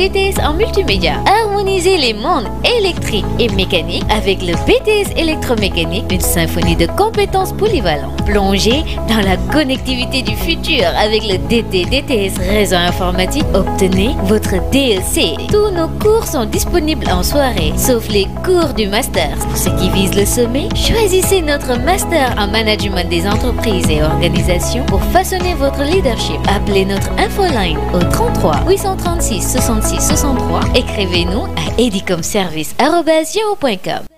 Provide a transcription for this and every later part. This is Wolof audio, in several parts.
DTS en multimédia. Harmonisez les mondes électriques et mécaniques avec le BTS électromécanique, une symphonie de compétences polyvalentes. Plongez dans la connectivité du futur avec le DT réseau informatique. Obtenez votre DLC. Tous nos cours sont disponibles en soirée, sauf les cours du master. Pour ceux qui visent le sommet, choisissez notre master en management des entreprises et organisations pour façonner votre leadership. Appelez notre infoline au 33 836 66 63. Écrivez-nous à edicomservice.com.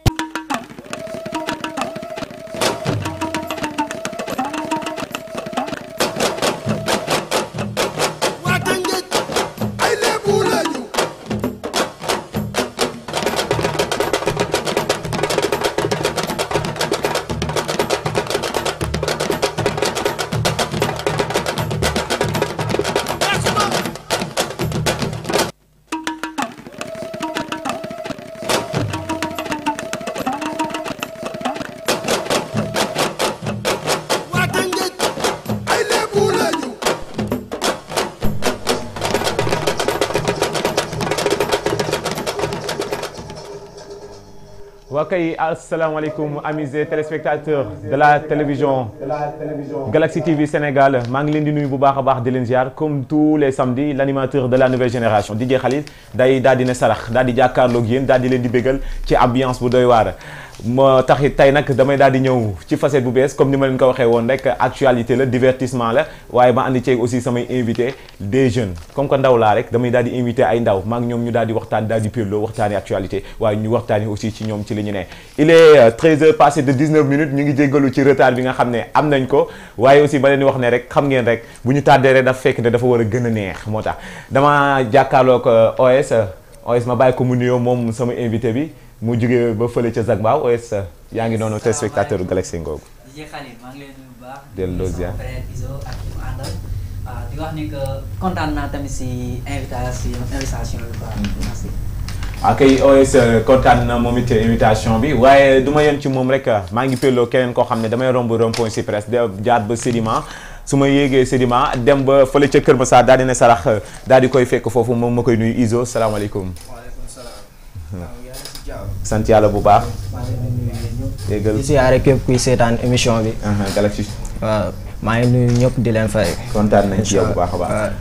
mbokk alaikum amis et téléspectateurs de la télévision Galaxy TV Sénégal Je ngi leen di comme tous les samedis l'animateur de la nouvelle génération Didier Khalid Dadi daal Dadi Diakar sarax Dadi di jàkkaarloog yéen daal di ambiance bu doy ma tax it tey nag damay daal di ñëw ci facette bu bees comme ni ma leen ko waxee woon rek actualité la divertissement la waaye ma àndi ceeg invité des jeunes comme que laa rek damay daal di ay ndaw maa ngi ñoom ñu daal di waxtaan daal di pirloo waxtaani actualité waaye ñu waxtaani aussi ci ñoom ci li ñu ne il est 13 euh, heures passé ñu ngi jéggalu ci retard xam ne am nañ ko waaye aussi ma leen wax ne rek xam ngeen rek bu ñu tàddee rek daf fekk ne dafa war a gën a neex moo tax dama jàkkaarloog euh, OS OS ma bàyyi ko mu nuyoo moom sama invité bi mu jógee ba fële ca Zagbaaw OS yaa ngi noonu téléspectateur u Galaxy ngoogu ak mu ah, OS mm-hmm. ah, euh, kontaan na moom it invitation bi waaye du ma yem ci moom rek maa ngi pelloo keneen koo xam ne damay romb rond-point Sipres de jaar ba Sédiment su ma yéegee Sédiment dem ba fële ca Kër Massar daal di ne sarax daal di koy fekk foofu moom ma koy nuyu Iso salaamaaleykum waaleykum hmm. ah, sant yàlla bu baax. déggal di siyaare képp kuy seetaan émission bi. Galaxy. waaw maa ngi nuyu ñëpp di leen fay. kontaan nañ ci yow bu baax a baax.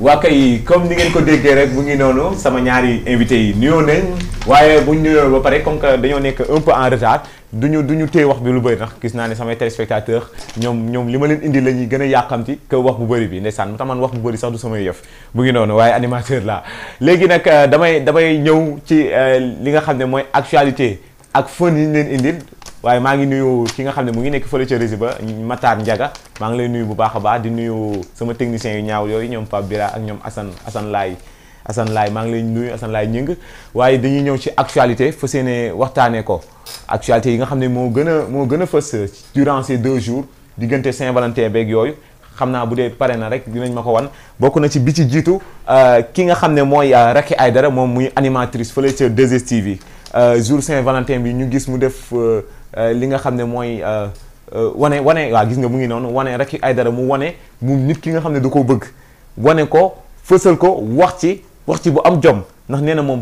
waa kay comme ni ngeen ko déggee rek mu ngi noonu sama ñaari invité yi nuyoo nañ waaye bu ñu nuyoo ba pare comme que dañoo nekk un peu en retard. du ñu du ñu téye wax bi lu bari ndax gis naa ne samay téléspectateur ñoom ñoom li ma leen indi la ñuy gën a yàqamti que wax bu bëri bi ndeysaan mu tax wax bu bëri sax du samay yëf bu ngi noonu waaye animateur laa léegi nag euh, damay damay ñëw ci euh, li nga xam ne mooy actualité ak fën yi ñu leen indil waaye maa ngi nuyoo ki nga xam ne mu ngi nekk fële ca ba Matar Ndiaga maa ngi lay nuyu bu baax a baax di nuyu sama technicien yu ñaaw yooyu ñoom Pape Bira ak ñoom Assane Assane Laye Assane Laye maa ngi lay nuyu Assane ñëng waaye dañuy ñëw ci actualité fas yéene waxtaanee ko actualité yi nga xam ne moo gën a moo gën a fës durant ces deux jours diggante Saint-Valentin beeg yooyu xam naa bu dee pare na rek dinañ ma ko wan bokk na ci bi ci jiitu euh, ki nga xam ne mooy euh, ay dara moom muy animatrice fële ca 2STV yi euh, jour Saint-Valentin bi ñu gis mu def li nga xam ne mooy wane wane waaw gis nga mu ngi noonu wane Racky Aïdara mu wane nit ki nga xam ne da koo bëgg wane ko ko wax ci waxti bu am jom ndax nee mom moom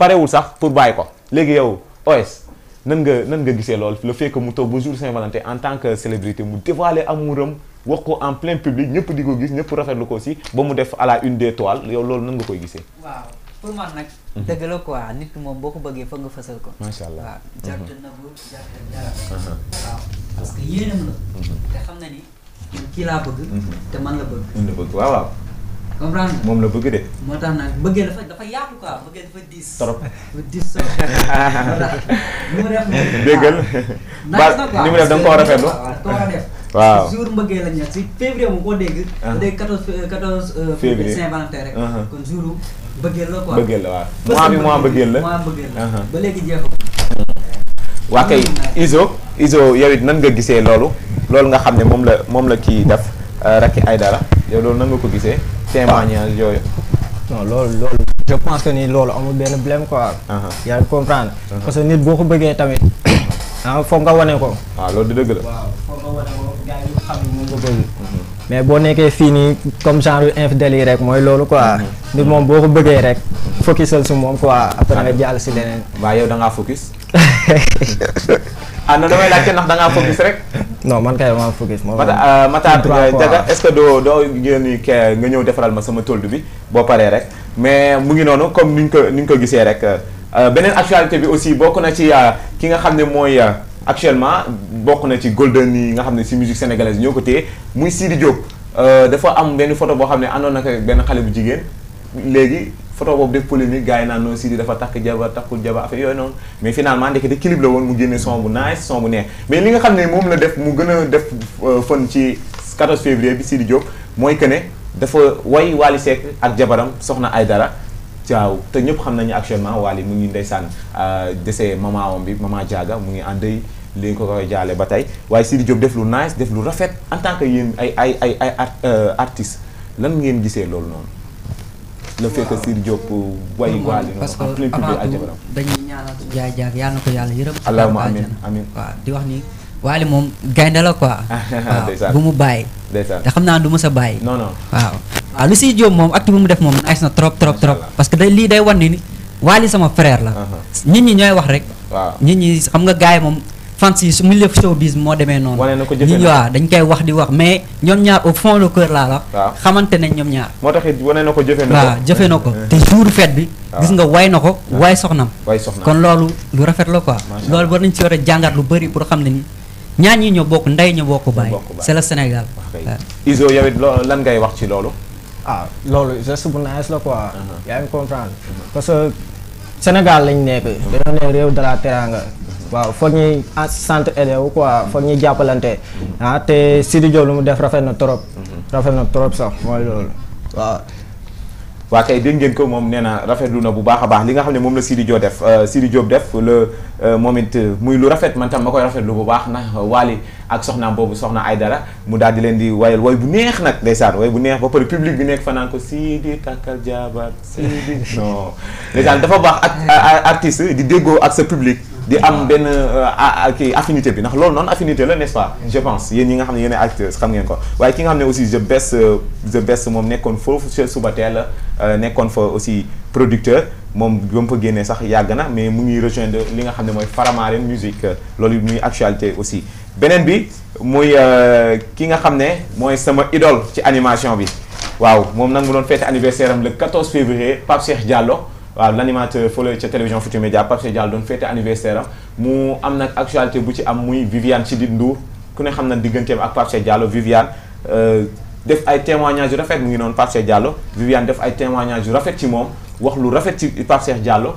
parewul sax pour bay ko légui yow OS nan nga nan nga gisee lool le fait que mu toog ba jour Saint-Valentin en tant que célébrité mu dévoiler amouram wax ko en plein public ñëpp di ko gis ñëpp rafetlu ko si ba mu def à la une des toiles yow lol nan nga koy gisee. waaw pour man nak mhm. dëgg la quoi nit mom boko boo fa nga fësal ko. ma sha allah waaw jàpp mhm. na bu jàpp dara. Uh-huh. waaw parce que yéenam la. Mhm. te xam na ni ki la bëgg. te man la bëgg. man waaw waaw. comprendre moom la bëgg de. moo tax nag bëggee dafa dafa yaatu quoi bëggee dafa diis. trop diis soo mu def déggal ni mu def da nga koo rafetlu waaw jour mbëggee la ñu si février mu koo dégg. bu ah. dee euh, euh, février Saint-Valentin rek. Uh-huh. kon jour bëggee la quoi bëggee la waaw. mois bi mois bëggee uh-huh. kay Izo Izo yow nan nga gisee loolu loolu nga xam ne moom la moom la kii def. Euh, ay dara yow loolu na nga ko gisee. témoignage yooyu. non loolu loolu. je pense que ni loolu amul benn blème quoi. Uh-huh. yaa ngi comprendre. Uh-huh. parce que nit boo ko bëggee tamit ah foog nga wane ko. waaw ah, loolu di dëgg la. waaw foog uh-huh. mais boo nekkee fii nii comme genre infidèle yi rek mooy loolu quoi. nit moom boo ko bëggee rek. focusal su moom quoi après nga jàll si leneen. waaw yow da ngaa focus. ah non damay laajte ndax da ngaa focus rek. non man kay maa focus. moo tax ah, Matar Diaga est-ce que doo doo génn kii nga ñëw defaral ma sama toldu bi boo paree rek mais mu ngi noonu comme ni ñu ko ni ñu ko gisee rek euh, beneen actualité bi aussi bokk na ci euh, ki nga xam ne mooy euh, actuellement bokk na ci golden yi nga xam ne si musique sénégalaise ñoo ko téye muy Sidi Diop dafa am benn photo boo xam ne àndoon na ko benn xale bu jigéen léegi photo boobu def polémique gars yi naan noonu Sidy dafa takk jabar takkul jabar affaire yooyu noonu mais finalement ndekete clip la woon mu génne son bu nice son bu neex mais li nga xam ne moom la def mu gën a def euh, fën ci 14 février bi si di Diop mooy que ne dafa way Wally Seck ak jabaram soxna ay ci waaw te ñëpp xam nañu actuellement Wally mu ngi ndeysaan euh, dese maman wam bi maman Diaga mu ngi ànd deuil li ñu ko koy jaale ba tey waaye Sidy Diop def lu nice def lu rafet en tant que yéen ay ay ay ay euh, artistes lan ngeen gisee loolu noonu. le fait que Sir Diop way waali parce que avant tout dañuy ñaanal su jaay jaag yàlla na ko yàlla yërëm allahumma amiin amiin waaw di wax ni waali moom gaynde la quoi waaw bu mu bàyyi te xam naa du mës a bàyyi non non waaw waaw lu Sir Diop moom acte bu mu def moom nice na trop trop trop parce que day lii day wan ni waali sama frère la uh-huh. nit ñi ñooy wax rek nit ñi xam nga gars moom fans yi su milieu showbiz moo demee noonu. wane na ko jëfee waaw dañ koy wax di wax mais ñoom ñaar au fond le cœur laa la. xamante nañ ñoom ñaar. moo tax wane na ko jëfee na ko waaw jëfee na ko te jour fête bi. gis nga way na ko waay soxnam. kon loolu lu rafet la quoi. loolu war nañ si war a jàngat lu bëri pour xam ne ni ñaan ñi ñoo bokk ndey ñoo bokk baay. c'est le Sénégal. Izo yow it lan ngay wax ci loolu. ah bu nice la ko uh-huh. yaa ngi comprendre uh-huh. parce que Sénégal lañ nekk. Uh-huh. dañoo ne réew de la waaw foog ñuy sant élèves quoi foog ñuy jàppalante mm-hmm. ah te Sidi Diop lu mu def rafet na trop. Mm-hmm. rafet na trop sax mooy loolu waaw. waa kay dégg ngeen ko moom nee na rafetlu na bu baax a baax li nga xam ne moom la Sidi Diop def euh, Sidi Diop def la euh, moom it euh, muy lu rafet man tam ma koy rafetlu bu baax na Waly ak soxnaam boobu soxna Aydara mu daal di leen di wayal way bu neex nag ndeysaan way bu neex ba pare public bi nekk fanaan ko Sidi takkal jaabaat Sidi non dafa baax ak artiste di déggoo ak sa public di am ben kii affinité bi ndax lool non affinité la n'est-ce pas je pense yéen ñi nga xam ne yéen acteurs xam ngeen ko waye ki nga xam aussi The Best The euh, Best mom nekkoon fofu chez Soubatel euh, nekkoon fa aussi producteur mom ba mu fa génnee sax yàgg na mais mu ngi rejoindre li nga xam moy mooy musique loolu muy actualité aussi benen bi muy ki nga xam moy sama idole ci animation bi waaw moom nag mu doon fête anniversaire am le 14 février Pape Cheikh Diallo waaw l' animateur fële ca télévision Futur Média Pape Cheikh Diallo doon fête anniversaire am mu am nag actualité bu ci am muy Viviane Chidid Ndour ku ne xam na digganteem ak Pape Cheikh Diallo Viviane euh, def ay témoignages yu rafet mu ngi noonu Pape Cheikh Diallo Viviane def ay témoignages yu rafet ci moom wax lu rafet ci Pape Cheikh Diallo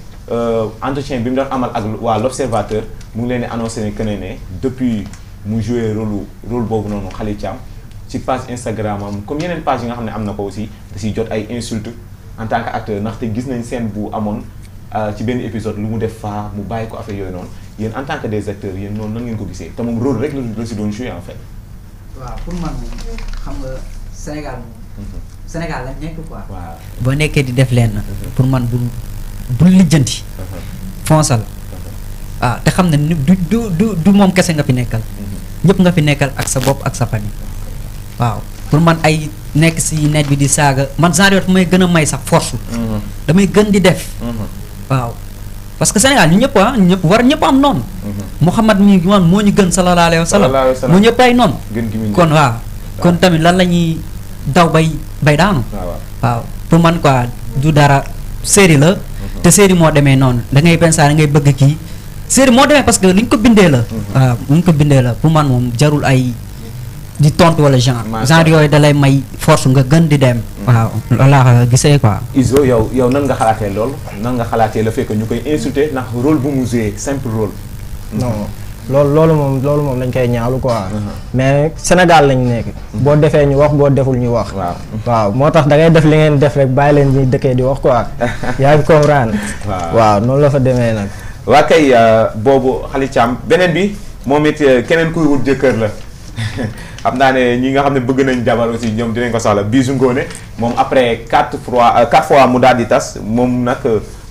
euh, entretien bi mu doon amal ak waa l' observateur mu ngi leen di annoncé ne que ne ne depuis mu joué rôle rôle boobu noonu Khalid Thiam ci page Instagram am comme yeneen page yi nga xam ne am na ko aussi da siy jot ay insultes en tant que acteur ndaxte gis nañ seen bu amoon euh, ci benn épisode lu mu def faa mu bàyyi ko affaire yooyu noonu yéen en tant que des acteurs yéen noonu nan ngeen ko gisee te moom rôle rek la si doon joué en fait. waaw pour man moom xam nga Sénégal moom. Mhm. Sénégal la nekk quoi. waaw boo nekkee di def lenn. Mhm. pour man bu. bu lijjanti. Mhm. fonçal mhm. ah te xam ne ni du du du moom kese nga fi nekkal. Mhm. ñëpp nga fi nekkal ak sa bopp ak sa famille. waaw pour man ay nekk si net bi di saaga man genre yoon may gën a may sax force. damay gën di def. waaw parce que Sénégal ñu ñëpp ah ñëpp war ñëpp am noonu. Mouhamad mii man moo ñu gën sallallahu alayhi wa sallam. moo ñëpp ay noonu. kon waa kon tamit lan la ñuy daw bay bay daanu. waaw pour man quoi du dara série la. te série moo demee noonu da ngay pensaa ngay bëgg kii série moo demee parce que li ko bindee la waaw mhm. ah, li ko bindee la pour man moom jarul ay di tontu wala genre genre yooyu da lay may force nga gën di dem mhm. waaw laa gisee ko Izo yow yow nan nga xalaatee loolu nan nga xalaatee la fekk ñu koy insulté ndax rôle bu mu joué simple rôle loolu loolu moom loolu moom lañ koy ñaawlu quoi. Uh-huh. mais Sénégal lañ nekk. Uh-huh. boo defee ñu wax boo deful ñu wax. waaw uh-huh. waaw moo tax da ngay def li ngeen def rek bàyyi leen ñuy dëkkee di wax quoi. yaa ngi comprendre. waaw noonu la fa demee nag. waa kay euh, boobu Xali Caam beneen bi moom it euh, keneen kuy wut jëkkër la. xam naa ne ñi nga xam ne bëgg nañ jabar aussi ñoom dinañ ko soxla koo ngoone moom après quatre fois euh, quatre fois mu daal di tas moom nag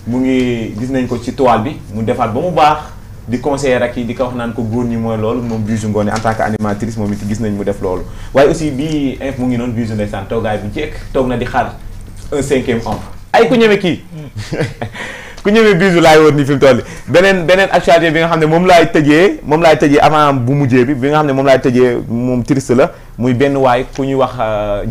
mu ngi gis nañ ko ci toile bi mu defaat ba mu baax. di conseil ak yi di ko wax naan ko góor ñi mooy loolu moom Bijou Ngoné en tant que animatrice moom it gis nañ mu def loolu waaye aussi bii mu ngi noonu Bijou ndeysaan toogaay bu jekk toog na di xaar un cinquième homme ay ku ñeme kii ku ñeme Bijou laay woon ni fi mu toll beneen beneen actualité bi nga xam ne moom laay tëjee moom laay tëjee avant bu mujjee bi bi nga xam ne moom laay tëjee moom triste la muy benn waay ku ñuy wax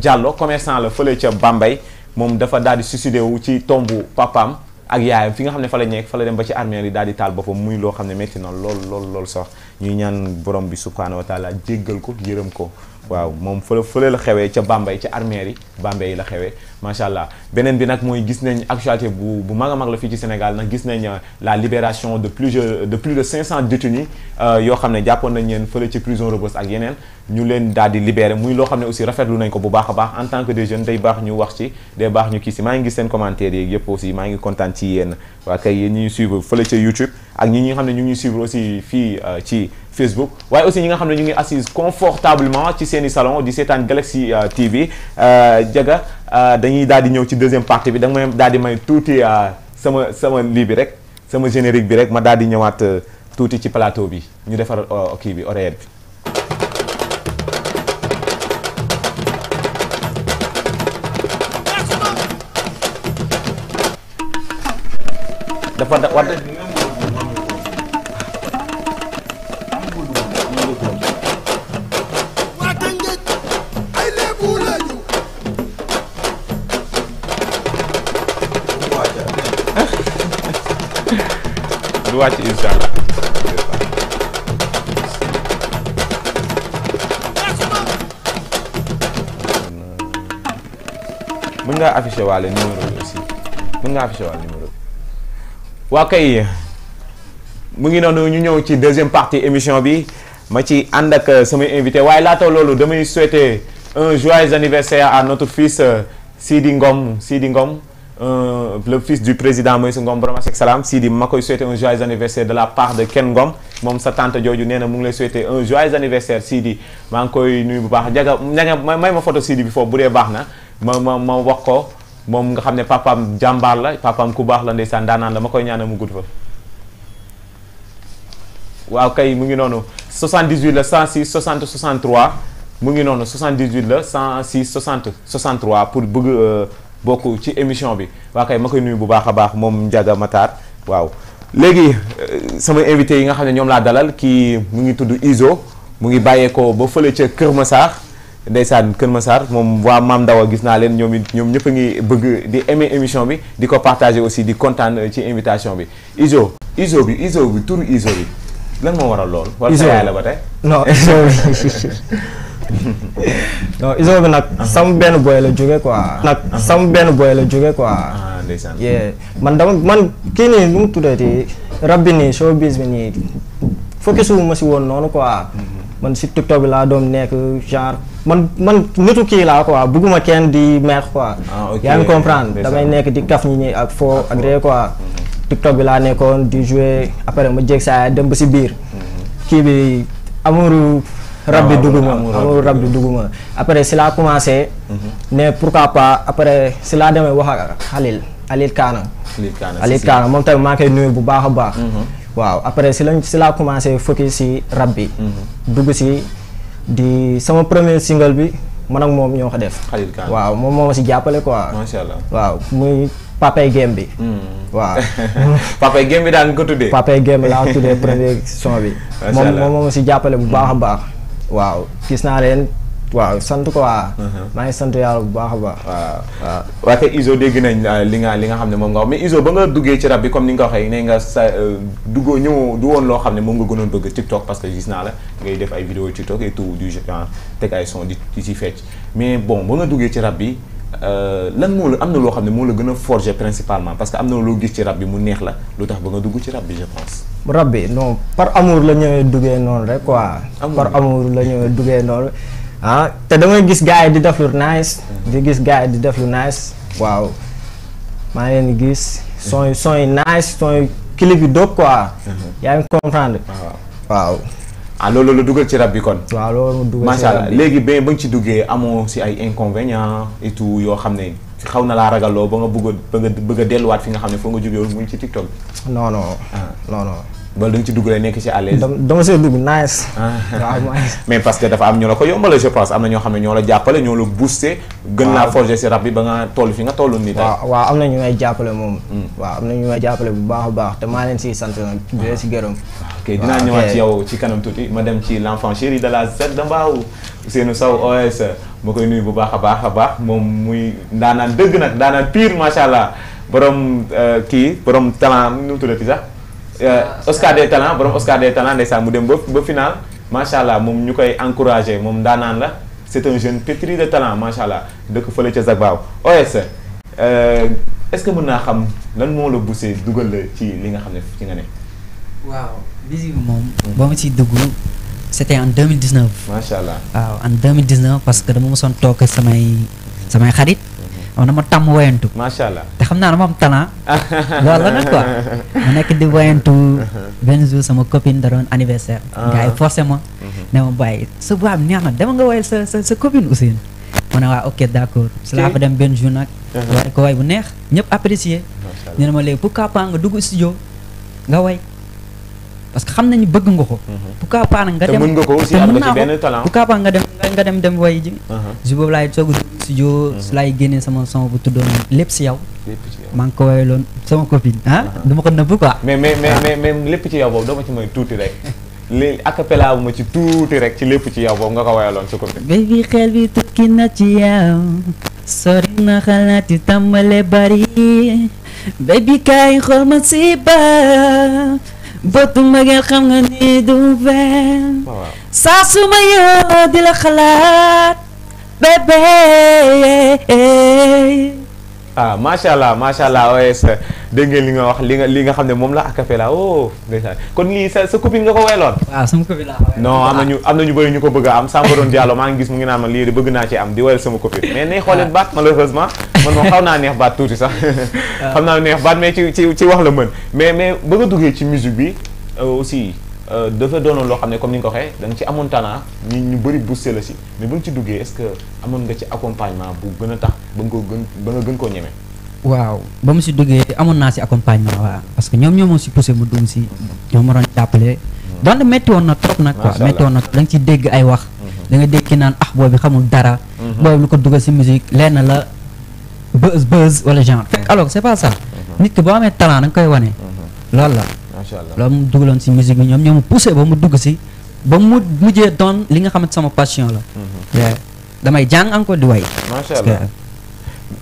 jàlloo euh, commercant la fële ca bambay moom dafa daal di suicidé wu ci tombu papaam ak yaayam fi nga xam ne fa la nekk fa la dem ba ci armée yi daal di taal boppam muy loo xam ne métti na lool lool lool sax ñuy ñaan borom bi subhaanahu wa taala jéggal ko yërëm ko waaw moom fële fële la xewee ca Bambey ca armée yi Bambey la xewee macha benen bi nak moy gis nañ actualité bu bu mag mag la fi ci Sénégal nak gis nañ euh, la libération de plusieurs de plus de 500 détenus euh yo xamné japon nañ leen feulé ci prison Rebeuss ak yenen ñu leen daal di libéré muy lo xamné aussi rafetlu nañ ko bu baaxa baax en tant que des jeunes day baax ñu wax ci day baax ñu kii si un ngi seen commentaire yi yëpp aussi ma ngi content ci yéen wa kay yéen ñi ñuy suivre feulé ci YouTube ak ñi nga xamné ñu suivre aussi fi euh, ci Facebook waaye aussi ñi nga xamné ñu ngi assise confortablement ci seen salon di seetaan Galaxy euh, TV jaga Euh, dañuy daal di ñëw ci deuxième partie bi da nga may daal di may tuuti euh, sama sama lii bi rek sama générique bi rek ma daal di ñëwaat euh, tuuti ci plateau bi ñu defar kii bi oreillette bi. wàcc incha allah. mën ngaa affiché waale numéro bi aussi mën ngaa affiché waale numéro bi waa kay mu ngi noonu ñu ñëw ci deuxième partie émission bi ma ci ànd ak samay invité waaye laata loolu damay souhaiter un joyeux anniversaire à notre fils Sidi Ngom Sidi Ngom. le fils du président Moïse Ngom borom ak salaam Sidi Makoy koy souhaiter un joyeux anniversaire de la part de Ken Ngom moom sa tante jooju Nena na mu lay souhaiter un joyeux anniversaire Sidi Makoy ngi koy nuyu bu baax may ma photo Sidi bi foofu bu dee baax na ma ma wax ko moom nga xam ne papaam jàmbaar la papaam ku baax la ndeysaan daanaan la ma koy ñaanal mu waaw kay mu ngi noonu 78 le 106 60 63 mu ngi noonu 78 le 106 60 63 pour bëgg. Euh, bokk ci émission bi wa kay ma koy nuyu bu baax a baax moom Ndiaga Matar waaw légui euh, sama invité yi nga xam ñom la dalal ki mu ngi tuddu iso mu ngi ko ba feulé ci Kër Massar ndeysaan Kër Massar moom waa Maam Ndawa gis na len ñom ñom ñoom ngi bëgg di aimer émission bi di ko partager aussi di content euh, ci invitation bi iso iso bi iso bi tour iso bi lan moo waral lool. Izo wala sa la ba non non iso bi nag sama benn boy la jóge quoi ah. nag sama benn boy la jóge quoi ah, yee man dama man kii nii nu mu tuddati rab bi nii showbiz bi nii focus wu si woon noonu quoi mm-hmm. man si TikTok bi laa doon nekk genre man man nitu kii laa quoi bugguma kenn di mer quoi ah, yaa ngi comprendre damay nekk di kaf nii ak foo ak ree quoi mm-hmm. TikTok bi laa nekkoon di jouer après ma jéeg saa dem ba si biir mm-hmm. kii bi amuru rabbi Duguma, dugg ma Duguma. ma après cela a commencé mhm. ne pourquoi pas après cela demé wax ak Halil Halil kana, Halil kana, moom ma maa koy nuyu bu baakha mhm. Wow, baax waaw après cela cela si commencé focus si rabbi mhm. dugu ci di sama premier single bi man ak moom ñoo ko def waaw mom mo ci si quoi machallah allah waaw muy papay game bi waaw papay game bi daan ko tuddé papay game la tuddé premier son bi mom moom moo ma si bu baakha baax waaw gis naa leen waaw sant quoi. Uh-huh. maa ngi sant yàlla bu baax a baax. waaw waaw waaye kay Izo dégg nañ ah, li nga li nga xam ne moom nga wax mais iso ba nga duggee ci rab bi comme ni nga waxee ne nga sa euh, duggoo ñëw du woon loo xam ne moom nga gënoon bëgg TikTok parce que gis naa la ngay def ay vidéo TikTok et tout du genre teg ay son di ci fecc mais bon ba nga duggee ci rab bi. Euh, lan moo la am na loo xam ne moo la gën a forger principalement parce que am na loo gis ci rab bi mu neex la lu tax ba nga dugg ci rab bi je rab bi non par amour la ñëwee duggee noonu rek quoi. par amour la ñëwee duggee noonu ah, te damay gis gars yi di def lu nice. di gis gars di def lu nice. waaw maa ngi gis. son yu son yu nice son yu clip yu dope quoi. Uh-huh. yaa ngi comprendre. waaw. ah loolu la dugal ci rab bi kon. waaw loolu dugal macha allah léegi ba ba nga ci duggee amoo si ay inconvénients et yoo xam ne xaw na laa ragaloo ba nga bëgg bëgg a delluwaat fi nga xam ne foo nga jógee woon mu ngi ci TikTok. non non ah. non non. wala da ñu ci dugg rek nekk ci àll l'aise. dama see dugg nice. Ah. waaw mais parce que dafa am ñu la ko yombal je pense am na ñoo xam ne ñoo la jàppale ñoo la boosté. gën laa forger si rab bi ba nga toll fi nga toll nii. waaw waaw am na ñu may jàppale moom. Hmm. waaw am na ñu may jàppale bu baax a baax te maa leen siy sant nag. di leen si gërëm. Ah, ok dinaa ñëwaat ci yow ci kanam tuuti ma dem ci l'enfant chéri de la Z de Mbao Ousseynou Sow OS ma koy nuyu bu baax a baax a baax moom muy daanaan dëgg nag daanaan pire macha allah borom euh, kii borom talent nu mu tuddati sax Euh, Oscar des talents borom Oscar des talents ndeysaan mu dem final machallah mom ñukay encourager mom encouragé la c'est un jeune pétri de talent macha allah dëkk fële ca Zagbaaw OS euh, est ce que mën naa xam lan mo le bousser dugal le ci li nga xamné ci nga waaw mom ma en 2019. machallah waaw en 2019 parce que dama mosoon toog samay samay xarit. moom dama tàmm wayantu. macha allah te xam naa dama am talent. loolu la nag quoi ma nekk di wayantu benn jour sama copine da doon anniversaire. gars yi forcé ma. ne ma bàyyi sa boîte neex na dama nga wayal sa sa sa copine aussi. ma ne waa ok d' si laa fa dem benn jour nag. waaye ko way bu neex ñëpp apprécier. macha ma léegi pourquoi pas nga dugg studio nga way. parce que xam nañu bëgg nga ko mhm. pourquoi pas nga dem mën nga ko aussi am nga ci benn talent pourquoi pas nga dem nga dem dem way ji mhm. ju boobu laay toog studio si mhm. laay génnee sama son bu tuddoon lépp si yow maa ko woyee sama copine ah dama ko nëbb quoi mais mais mais ah. mais lépp ci yow boobu dama ci may tuuti rek léegi acapella bu ma ci tuuti rek ci lépp ci yow boobu nga ko wayaloon sa copine baby xel bi tukki na ci yow sori na xalaat yi bari baby kaay xool ma si baax bëtu mageel xam nga ni du benn saa ma yoo di la xalaat bébé ah macha allah macha allah OS dégg ngeen li nga wax li nga li nga xam ne moom la acapella oh ndeysaan kon lii sa sa copine nga ko wayloon. waaw ah, sama copine laa ko wayloon non am na ñu am na ñu bëri ñu ko bëgg a am Samba doon Diallo maa ngi gis mu ngi naan man lii de bëgg naa ci am di wayal sama copine. mais nay xoolee baat malheureusement. man moom xaw naa neex baat tuuti sax. xam naa neex baat mais ci ci ci wax la mën mais mais bëgg a duggee ci musique bi euh, aussi. Euh, dafa doonoon loo xam ne comme ni nga ko waxee da nga ci amoon tana ñi ñu bëri boosté la si mais bu ci duggee est-ce que amoon nga ci accompagnement bu gën a tax ba nga ko gën ba nga gën koo ñeme. waaw ba mu si duggee amoon naa si accompagnement waaw parce que ñoom ñoo ma si poussé mu dugg si ñoom ma doon jàppale. Hmm. donte metti woon na trop nag quoi metti woon na da nga dégg ay wax. Hmm. da nga dégg naan ah boobu xamul dara. Hmm. boobu lu ko dugal si musique lenn la buzz buzz wala genre fekk alors c'est pas ça. nit ki boo amee talent da nga koy wane. loolu la loolu mu dugaloon si musique bi ñoom poussé ba mu dugg si ba mu mujjee doon li nga sama passion la damay jàng encore di way Masya allah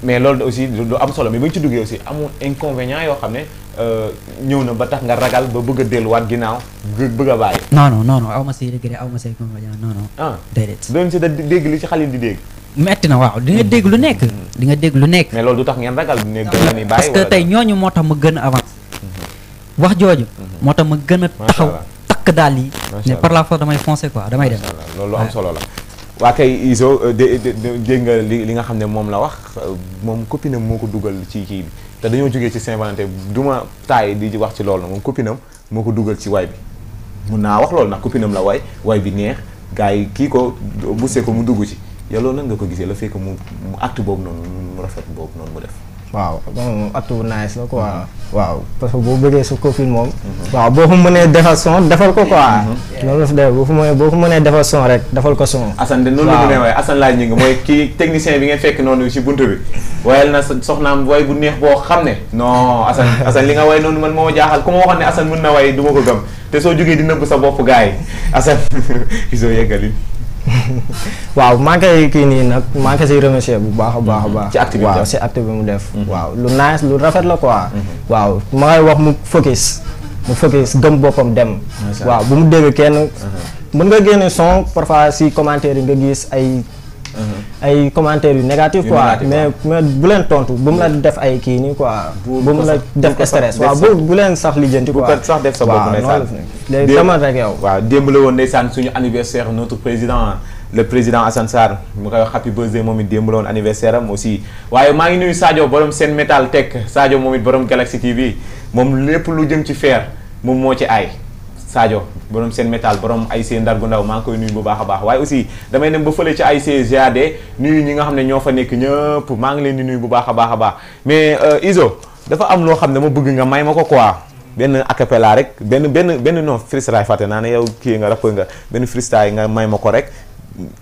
mais loolu aussi am solo mais bu ci duggee aussi amul inconvénient yoo xam ne ñëw na ba tax nga ragal ba bëgg a delluwaat ginnaaw bëgg a non non non non aw ma non non. ah déedéet. doon si dégg li ci xale di dégg. metti na waaw di nga dégg lu nekk. di nga dégg lu nekk. mais du tax ngeen ragal. du nekk gën a parce que tey ñooñu wax jooju. Mhm. moo tax ma gën a taxaw takk daal yi. ne par la force damay foncer quoi damay dem. loolu am solo la. waa kay Izo euh, dé dégg nga li li nga xam ne moom la wax euh, moom copinam moo ko dugal ci kii bi te dañoo jógee ci Saint-Valentin du ma taay di wax ci loolu moom copinam moo ko dugal ci waay bi mun naa wax loolu ndax copinam la waay waay bi neex gars yi kii ko bu see ko mu dugg ci yow loolu nan nga ko gisee la fekk mu mu acte boobu noonu mu rafet boobu noonu mu def. waaw moom atu nice la quoi. waaw parce que boo bëggee sa copine moom. waaw boo ko nee defal son defal ko quoi. Mm-hmm. loolu la fi boo ko mënee boo defal son rek defal ko son. Assane de noonu la ñu mooy kii technicien bi ngeen fekk noonu ci buntu bi. wayal na soxnaam way bu neex boo xam ne. non Assane Assane li nga way noonu man moo jaaxal ku ma xam ne Assane mën na way du ma ko gëm te soo jógee di nëbb sa bopp gars yi Assane. waaw maa ngi kii nii nag maa si ko siy remercier bu baax a baax a baax. ci acte bi si acte mu def. waaw lu nice lu rafet la quoi. waaw mhm. ma ngay wax mu focus. mu focus gëm boppam dem. waaw bu mu dégg kenn. Mhm. mën nga génne son parfois si commentaire yi nga gis ay. Uh-huh. ay commentaires yu négatif quoi mais mais bu leen tontu bu mu la def ay kii nii quoi bu mu la def stress waaw bu bu leen sax lijjanti quoi bu sax def sa bopp ndeysaan léegi demal rek yow waaw démb la woon ndeysaan suñu anniversaire notre président le président Assane Sarr mu koy wax happy birthday moom it démb la woon anniversaire am aussi waaye maa ngi nuyu Sadio borom seen métal tek Sadio moom it borom Galaxy TV moom lépp lu jëm ci fer moom moo ci aay Sadio borom seen métal borom ay see ndar gu ndaw maa ngi koy nuyu bu baax a baax waaye aussi damay dem ba fële ci ay see GAD nuyu ñi nga xam ne ñoo fa nekk ñëpp maa ngi leen di nuyu bu baax baax a baax mais euh, Izo dafa am loo xam ne ma bëgg nga may ma ko quoi benn acapella rek benn benn benn non freestyle fàtte naa ne yow kii nga rappeur nga benn freestyle nga may ma ko rek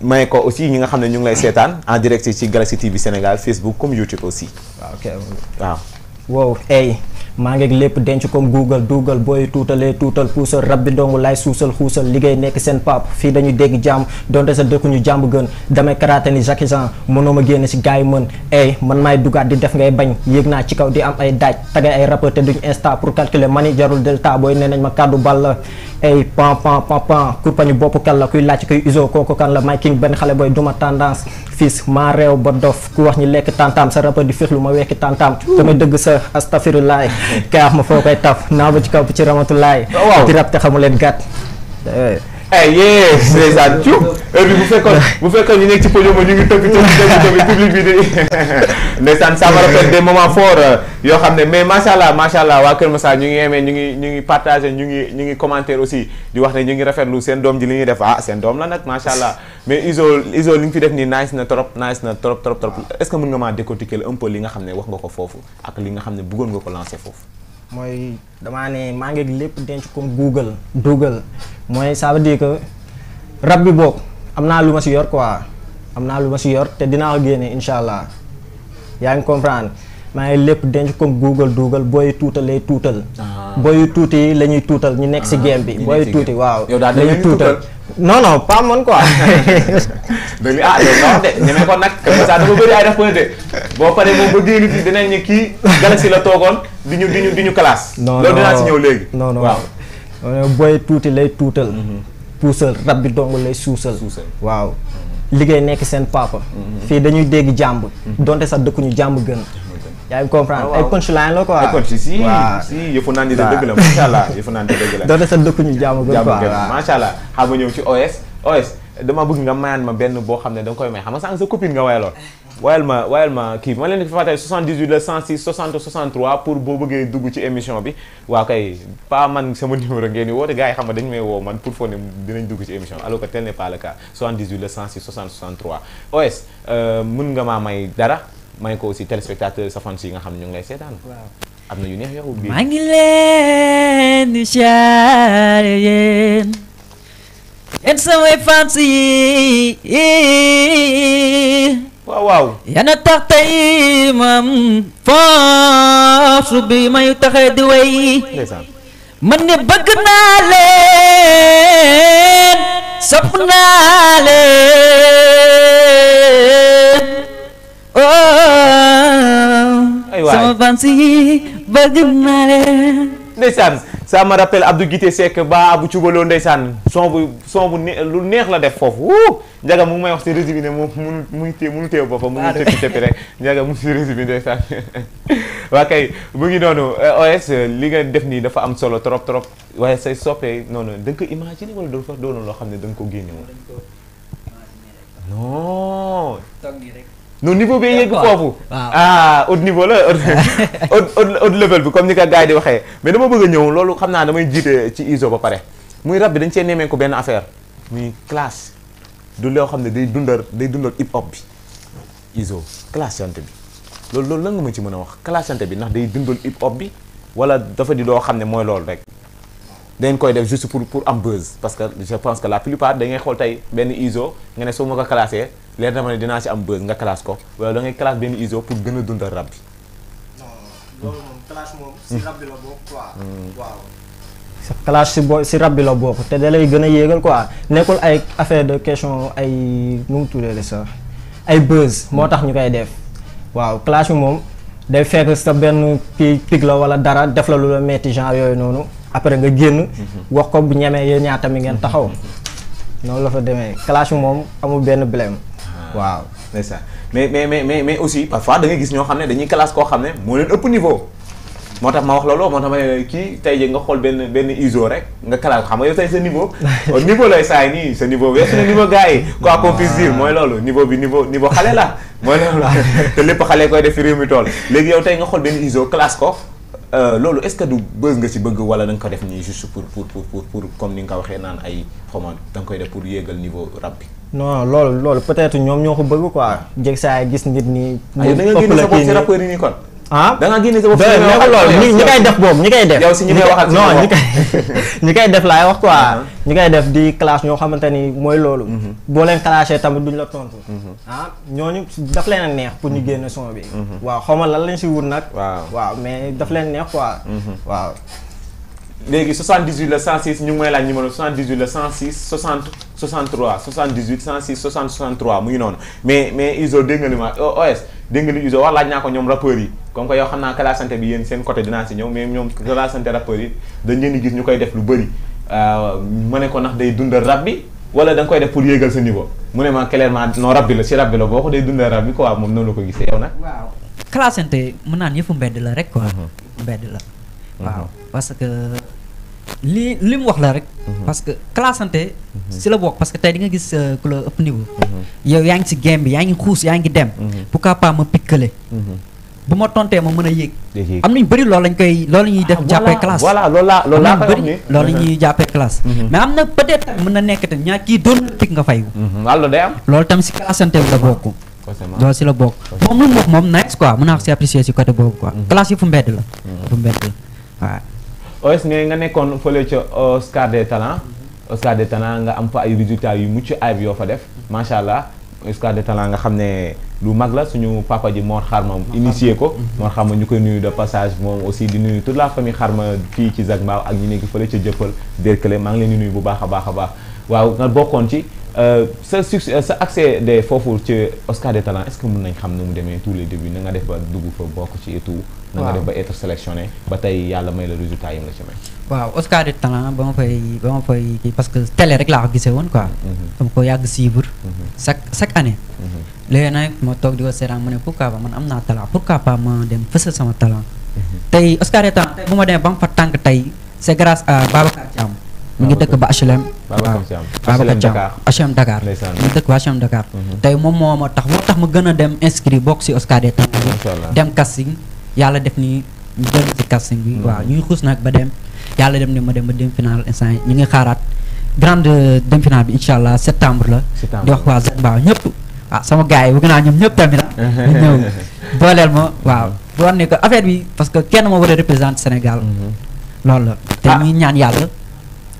may ko aussi ñi nga xam ne ñu ngi lay seetaan en direct ci Galaxy TV Sénégal Facebook comme YouTube aussi. waaw ah, ok waaw. wow hey. maa ngeeg lépp denc comme google dugal booy tuutalee eh, tuutal puusal rab bi ndongu laay suusal xuusal liggéey nekk seen pap fii dañu dégg jàmm donte sa ñu jàmm gën damay karaate ni Jackie Jean mënoo ma génn si gars yi mën ay eh, man maay dugaat di def ngay bañ yéeg naa ci kaw di am ay daaj tagay ay rappeur te duñu insta pour calculer mani jarul delta booy nee nañ ma kàddu bal la ay pan pan pan pan kurpañu bopp kan la kuy laaj kuy iso kooku kan la may king benn xale booy duma tendance fils ma réew ba dof ku wax ñi lekk tantam sa rapa di fixlu ma wekki tantam damay dëgg sa astafirulaay kayaaf ma foo koy taf naa ci kaw bi ci ramatulaay di rab te xamu leen gàtt eh. yes ndeysaan cu bu fekkoon bu fekkoon ñu nekk ci podium ñu ngi tëgg tëgg tëgg public bi di ndeysaan ça va rafet des moments yoo xam ne mais macha allah macha allah waa Kër Massa ñu ngi aimé ñu ngi ñu ngi ñu ngi ñu ngi commentaire wax ne ñu ngi rafetlu seen doom ji li ñuy def ah seen doom la nag macha allah mais iso iso li nga fi def nii nice na trop nice na trop trop trop est ce que mën nga maa décortiquer un li nga xam ne wax nga ko foofu ak li nga xam ne bëggoon nga ko lancer foofu mooy damaa ne maa ngi lépp denc comme Google Google mooy ça veut dire que rab bi boog am naa lu ma si yor quoi am naa lu ma si yor te dinaa ko génne incha allah yaa ngi comprendre maa ngi lépp denc comme Google Google booy tuutal lay tuutal. Ah. booy tuuti lañuy tuutal ñu nekk si ah, game bi. booy tuuti waaw yow daal la ñuy tuutal. non non pas man quoi. dañuy ah de ñeme ko nag. comme dafa bëri ay def boo paree moom ba déglu fii dinañ ñu kii galaxy la toogoon. di ñu di ñu di ñu classe. loolu dinaa si ñëw léegi. non non waaw. Euh, booy tuuti lay tuutal. Mhm. puusal rab bi dong lay suusal. waaw liggéey nekk seen papa. Mhm. fii dañuy dégg jàmb. Mhm. donte sax dëkkuñu jàmb gën. yaa ngi comprendre ah, ay punchline si si yëfu naan di dëgg la allah yëfu la. donte sax dëkkuñu jàmb gën quoi macha allah xam nga ñëw ci OS OS dama bëgg nga mayaan ma benn boo xam ne da nga koy may xam nga sa copine nga wayaloon wayal ma wayal ma kii ma leen di fàttali 78 la 106 60 pour boo bëggee dugg ci émission bi waa kay pas man sama numéro ngeen di woote gars yi xam nga dañu may woo man pour foo ne dinañ dugg ci émission bi alors que tel n'est pas le cas 78 la 106 60 63 OS mën nga maa may dara may ko aussi téléspectateur sa fans yi nga xam ne ñu ngi lay seetaan. waaw. am na yu neex yow ngi leen di siyaare yéen samay fans yi a tax tey maam force bi may di wey man ne bëgg naa leen sopp naa leen oh sama fans yi bëgg leen ça me rappelle Abdou Guité Seck ba bu cubaloo ndeysaan son bu son bu lu neex la def foofu wuu Ndiaga mu may wax si résumé ne moom munu mu ngi téye mu ngi tëppi tëppi rek Ndiaga mu si résumé ndeysaan waa kay mu ngi noonu eh, OS li nga def nii dafa am solo trop trop waaye say soppee noonu da nga ko imaginer wala dafa doonoon loo xam ne da nga ko génne non non niveau bi yëgg foofu ah haut niveau la haut haut level bi comme ni ka gars yi di waxee mais dama bëgg ñëw loolu xam naa damay jiite ci ISO ba pare muy rab bi dañ cee nemee ko benn affaire muy classe du loo xam ne day dundal day dundal hip hop bi ISO classe yante bi loolu loolu lan nga ma ci mën a wax classe yante bi ndax day dundal hip hop bi wala dafa di doo xam ne mooy loolu rek dañ koy def juste pour pour am buzz parce que je pense que la plupart da ngay xool tey benn ISO nga ne soo ma ko classé leer na ma ne dinaa si am buzz nga classe ko wala da ngay classe benn ISO pour gën a dundal rab bi. non loolu moom hmm. si rab bi la bokk te da lay gën a yéegal quoi nekkul ay affaire de question ay nu mu tuddee sax ay buzz moo tax ñu koy def waaw classe bi moom day fekk sa benn pig la wala dara def la lu la metti genre yooyu noonu. après nga génn. Mhm. wax ko bu ñemee yéen ñaar tamit ngeen taxaw. Mhm. noonu la fa demee clash moom amul benn blème. Ah. waaw c'est ça mais mais mais mais aussi parfois da ngay gis ñoo xam ne dañuy clash koo xam ne moo leen ëpp niveau. moo tax ma wax loolu moo tax ma kii tey jii nga xool benn benn ISO rek nga kalaal xam nga yow tey sa niveau. niveau lay saay nii sa niveau weesu na niveau gars yi. quoi qu'on puisse dire mooy loolu niveau bi niveau niveau xale la mooy loolu la te lépp xale koy def fi réew mi tool léegi yow tey nga xool benn ISO classe ko. Euh, loolu est-ce que du bës nga ci bëgg walla da ko def nii juste pour pour pour pour comme ni nga ko waxee naan ay xawma da nga koy def pour yéegal niveau rab bi. non loolu loolu peut ñoom ñoo ko bëgg quoi. Ah. jeg saa gis nit nii. mu ëpp la kii nii da nga sa bopp ci rappeurs yi nii kon. ah da nga génne sa bopp ñi ñi koy def boobu ñi koy def. yow si ñi koy waxal non ñi koy ñi koy def laay wax quoi. Uh-huh. ñi koy def di clash ñoo xamante ni mooy loolu. Uh-huh. boo leen clashé tamit duñ la tontu. Uh-huh. ah ñooñu daf leen a neex pour ñu génne son bi. waaw xaw ma lan lañ si wut nag. waaw waaw mais daf leen neex quoi. waaw. léegi 78 la 106 ñu ngi may laaj numéro 78 la 106 60 63 78 106 60 63 mu ngi noonu mais mais Izo dégg nga li ma OS dégg nga li Izo wax laaj naa ko ñoom rappeurs yi comme que yow xam naa classe bi yéen seen côté dinaa si ñëw mais ñoom classe santé yi dañ koy def euh, day dundal rab bi wala da koy def pour yéegal sa niveau mu ne ma clairement non rab bi la si rab bi la boo ko li li wax la rek. Mhm. parce que classe santé ci mhm. la bok parce que tay di nga gis ku euh, la ëpp niveau. Mhm. yow yaa ngi si game bi yaa ngi xuus yaa ngi dem. pourquoi pas ma pikkale. bu ma tontee ma mëna yegg am nañ bari lool lañ koy lool ñuy def ah, jappé classe. voilà loolu laa loolu laa bëri lool ñuy jappé classe. mais amna peut être mëna nekk tan ñaa ki doon pik nga fay. wàllu day am. lool tam ci classe santé la bok do ci la bok mom lu mom nice quoi mëna naa apprécier ci côté bok quoi. classe yu fu mbéd la. fu mbéd la waaw. OS Ngoye nga nekkoon fële ca euh, Oscar des talents mhm. Oscar des talents nga am fa ay résultats yu mucc ayib yoo fa def mhm. macha allah Oscar des talents nga xam ne lu mag la suñu papa ji xar Xarma initié ko xam mhm. Xarma ñu koy nuyu de passage moom aussi di nuyu toute la xar Xarma fii ci Zac ak ñu nekk fële ca Jëppal Derklé maa ngi leen di nuyu bu baax a baax a baax waaw nga bokkoon ci Euh, sa succès euh, sa accès des foofu ci Oscar des talents est-ce nañ xam ne mu demee tous les débuts na nga def ba dugg fa bokk ci et tout. def ba être sélectionné ba tey yàlla may la résultat yi mu la ci may. waaw Oscar des talents ba ma fay ba parce que télé rek laa ko gisee woon quoi. Mhm. dama ko yàgg suivre. Mhm. chaque chaque année. Mhm. léegi nag ma toog di ko seetaan mu ne pourquoi pas man am naa talent pourquoi pas ma dem fësal sama talent. tey Oscar des talents bu ma demee ba ma fa tànk tey mu ngi dëkk ba HLM waaw Babacar Thiam HLM Dakar mi ngi dëkk ba HLM Dakar mhm. tey moom moo ma tax moo tax ma gën a dem inscrit bokk si Oscar des Tambours dem casting yàlla def ni ñu jël bi mhm. waaw ñuy xuus nag ba dem yàlla dem ni ma dem ba dem final instant ñu ngi xaaraat grande dem bi incha allah septembre la di wax waa Zanbaaw ñëpp waaw ah, sama gars yi bëgg naa ñoom ñëpp tamit ah. booleel ma waaw doon mhm. ne affaire bi parce que kenn ma war a représenter Sénégal loolu te ah. ñuy ñaan yàlla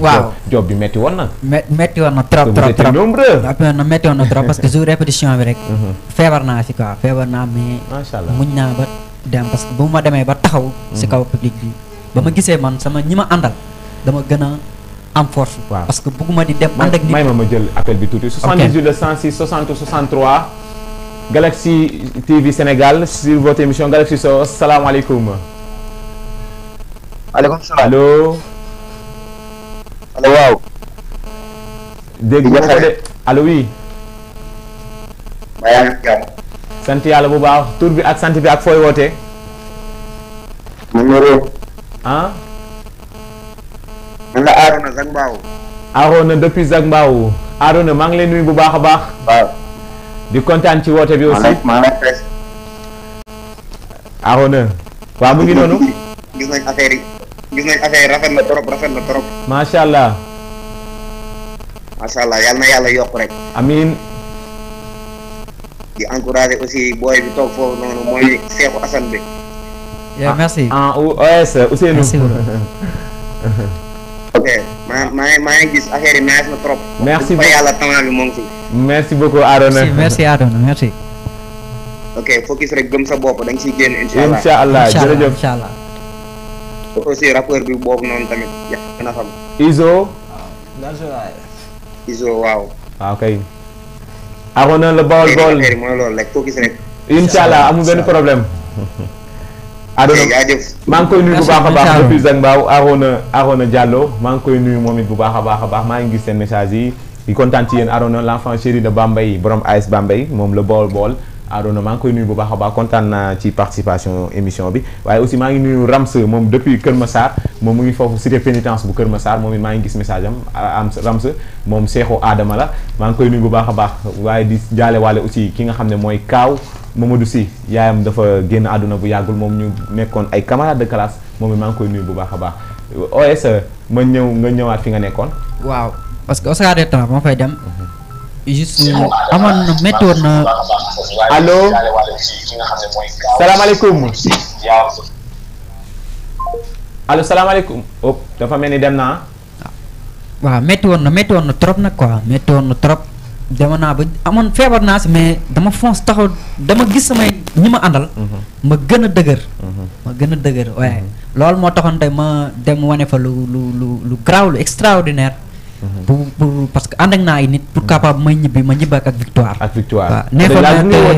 Wow, job bi metti woon na metti woon na trop trop trop nombreux na metti woon na trop parce que jour répétition bi rek feebar naa fi quoi feebar naa mais muñ naa ba dem parce que bu ma ba taxaw si kaw public bi ba ma man sama ñi andal, àndal dama gën am force waaw parce que bëgguma di dem ànd ak nit may ma ma jël appel bi tuuti 78 le 106 60 63 Galaxy TV Sénégal sur votre émission Galaxy Show salaamaaleykum. maaleykum salaam allo. allo waaw. dégg nga ko de sant yàlla bu baax tur bi ak sant bi ak fooy wootee. numéro. ah. man la Arona Zag Mbaaw. Arona depuis Zag Mbaaw Arona maa ngi lay nuyu bu baax a baax. waaw. di kontaan ci woote bi aussi. maa Arona. waaw mu ngi noonu. ñu gis nañ affaire yi rafet na trop rafet na trop macha allah Ya allah yal na ya yokk rek amin di encourager aussi boy bi toog foofu noonu mooy Cheikhou Assane Ya, ya merci ah OS Ousseynou ok maa maa Ma Ma gis affaire yi nice na trop merci ba yàlla temps bi moo ngi fi merci beaucoup Arona merci Arona merci ok focus rek gëm sa bopp da nga ciy génn inshallah inshallah jërëjëf inshallah aussi rappeur bi boobu noonu tamit yàq na xam. Izo. Izo waaw. waaw kay. amoon la bool ball. léegi mooy loolu rek koo gis rek. incha allah amul benn problème. adona maa ngi koy nuyu bu baax a baax depuis Zang Mbaaw Arona Arona Diallo maa koy nuyu moom bu baax a baax a ngi gis seen message yi di kontaan ci yéen Arona l' chéri de Bambey borom ice Bambey mom la ball. bool. Arona maa ngi koy nuyu bu baax a baax kontaan naa ci participation émission bi waaye aussi maa ngi nuyu Rams moom depuis Kër Massar moom mu ngi foofu cité pénitence bu Kër Massar moom maa ngi gis message moom maa ngi koy nuyu bu baax a baax waaye di waale aussi ki nga xam ne mooy Kaaw Mamadou Sy yaayam dafa génn àdduna bu yàggul moom ñu nekkoon ay camarades de classe moom maa ngi koy nuyu bu baax baax OS ma ñëw nga ñëwaat fi nga nekkoon. waaw parce que Oscar de temps moo fay dem. Mhm. juste amoon na métti woon na. allo. salaamaaleykum. allo salaamaaleykum. oh dafa mel ni dem naa. waaw métti woon na métti woon na trop nag quoi métti woon na trop. dama naa ba amoon feebar naa si mais dama fonce taxaw dama gis samay ñi ma àndal. Mhm. ma gën a dëgër. Mhm. ma gën a dëgër waaye. Mhm. loolu moo taxoon tey ma dem wane fa lu lu lu lu lu extraordinaire. pour pour parce que ànd ak naa ay nit pour capable may ñibbi ma ñibbaak ak victoire. ak victoire waaw neexal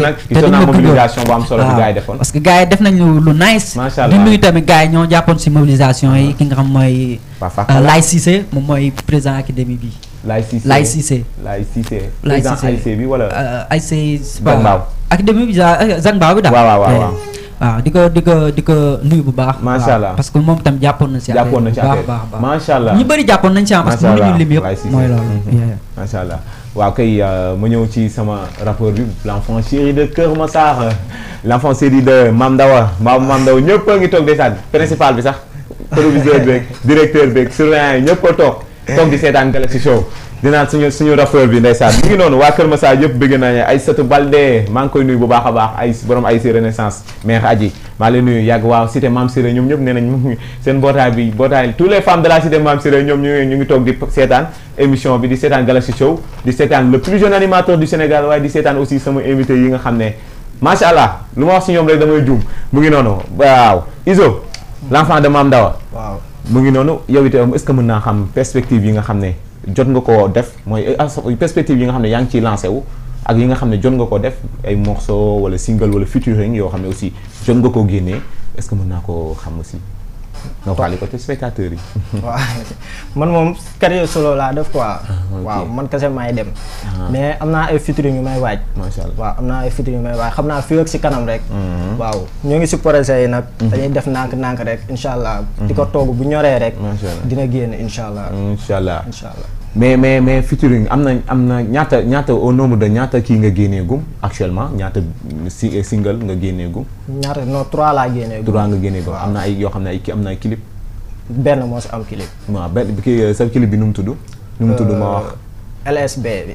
na te te mobilisation bu am solo bi gars yi def nañu lu nice. macha allah di nuyu ñoo jàppoon si mobilisation yi ki nga xam mooy. Euh, Laye Cissé moom mooy président académie bi. Laye Cissé Laye Cissé. Laye Cissé président AIC bi wala. Euh, AIC. Zangbaaw académie bi Zangbaaw bi daal. waaw waaw waaw. waaw ah, di ko di ko di ko nuyu bu baax. macha allah ah, parce que moom tam jàppoon na si. jàppoon na si affaire baax baax macha allah. ñi bari jàppoon nañ si am. parce que mënuñu lim yëpp mooy loolu. Mm-hmm. macha allah waaw kay euh, ma ñëw ci sama rapport bi l'enfant chéri de Kër Massar l'enfant chéri de Mame Ndawa Mame Mame Ndawa ñëpp a ngi toog ndeysaan principal bi sax directeur beeg surveillant yi ñëpp a toog toog di seetaan Galaxy Show. dinaan suñu suñu rappeur bi ndeysaan mi ngi noonu waa Kër Massar yëpp bëgg nañu ay sëtu Balde maa ngi koy nuyu bu baax a baax ay borom ay si renaissance maire aji maa la lay nuyu yàgg waaw cité Mame Siré ñoom ñëpp nee nañ seen mbootaay bi mbootaay tous les femmes de la cité Mame Siré ñoom ñu ñu ngi toog di seetaan émission bi di seetaan Galaxy Show di seetaan le plus jeune animateur du Sénégal waaye di seetaan aussi sama invité yi nga xam ne macha allah lu ma wax si ñoom rek damay juum mu ngi noonu waaw Izo l'enfant de Mame mu ngi noonu yow itam est-ce que mën naa xam perspective yi nga xam ne jot nga ko def mooy ah, perspective yi nga xam ne yaa ngi ciy lancé wu ak yi nga xam ne jot nga ko def ay morso wala single wala featuring yoo xam ne aussi jot nga koo génne est-ce que mën naa koo xam aussi nga waxaale ko te spectateurs yi. waaw man moom carrière solo laa def quoi. waaw man kese maay dem. mais am naa ay featuring yu may waaj. macha waaw am naa ay featuring yu may waaj xam naa fi ak si kanam rek. waaw ñoo ngi si projet yi nag. dañuy def nànk nànk rek incha allah. di ko toog bu ñoree rek. dina génn incha allah. incha allah incha allah. mais mais mais featuring am na am na ñaata ñaata au nombre de ñaata kii nga génneegum actuellement ñaata si eh, single nga génneegum. ñaata non trois laa génneegum. trois nga génneegum am na ay yoo xam ne ay ki am na ay clip. benn moo si am clip. waaw benn eh, sa clip bi nu mu tudd. nu mu tudd ma wax. Euh, LSB bi.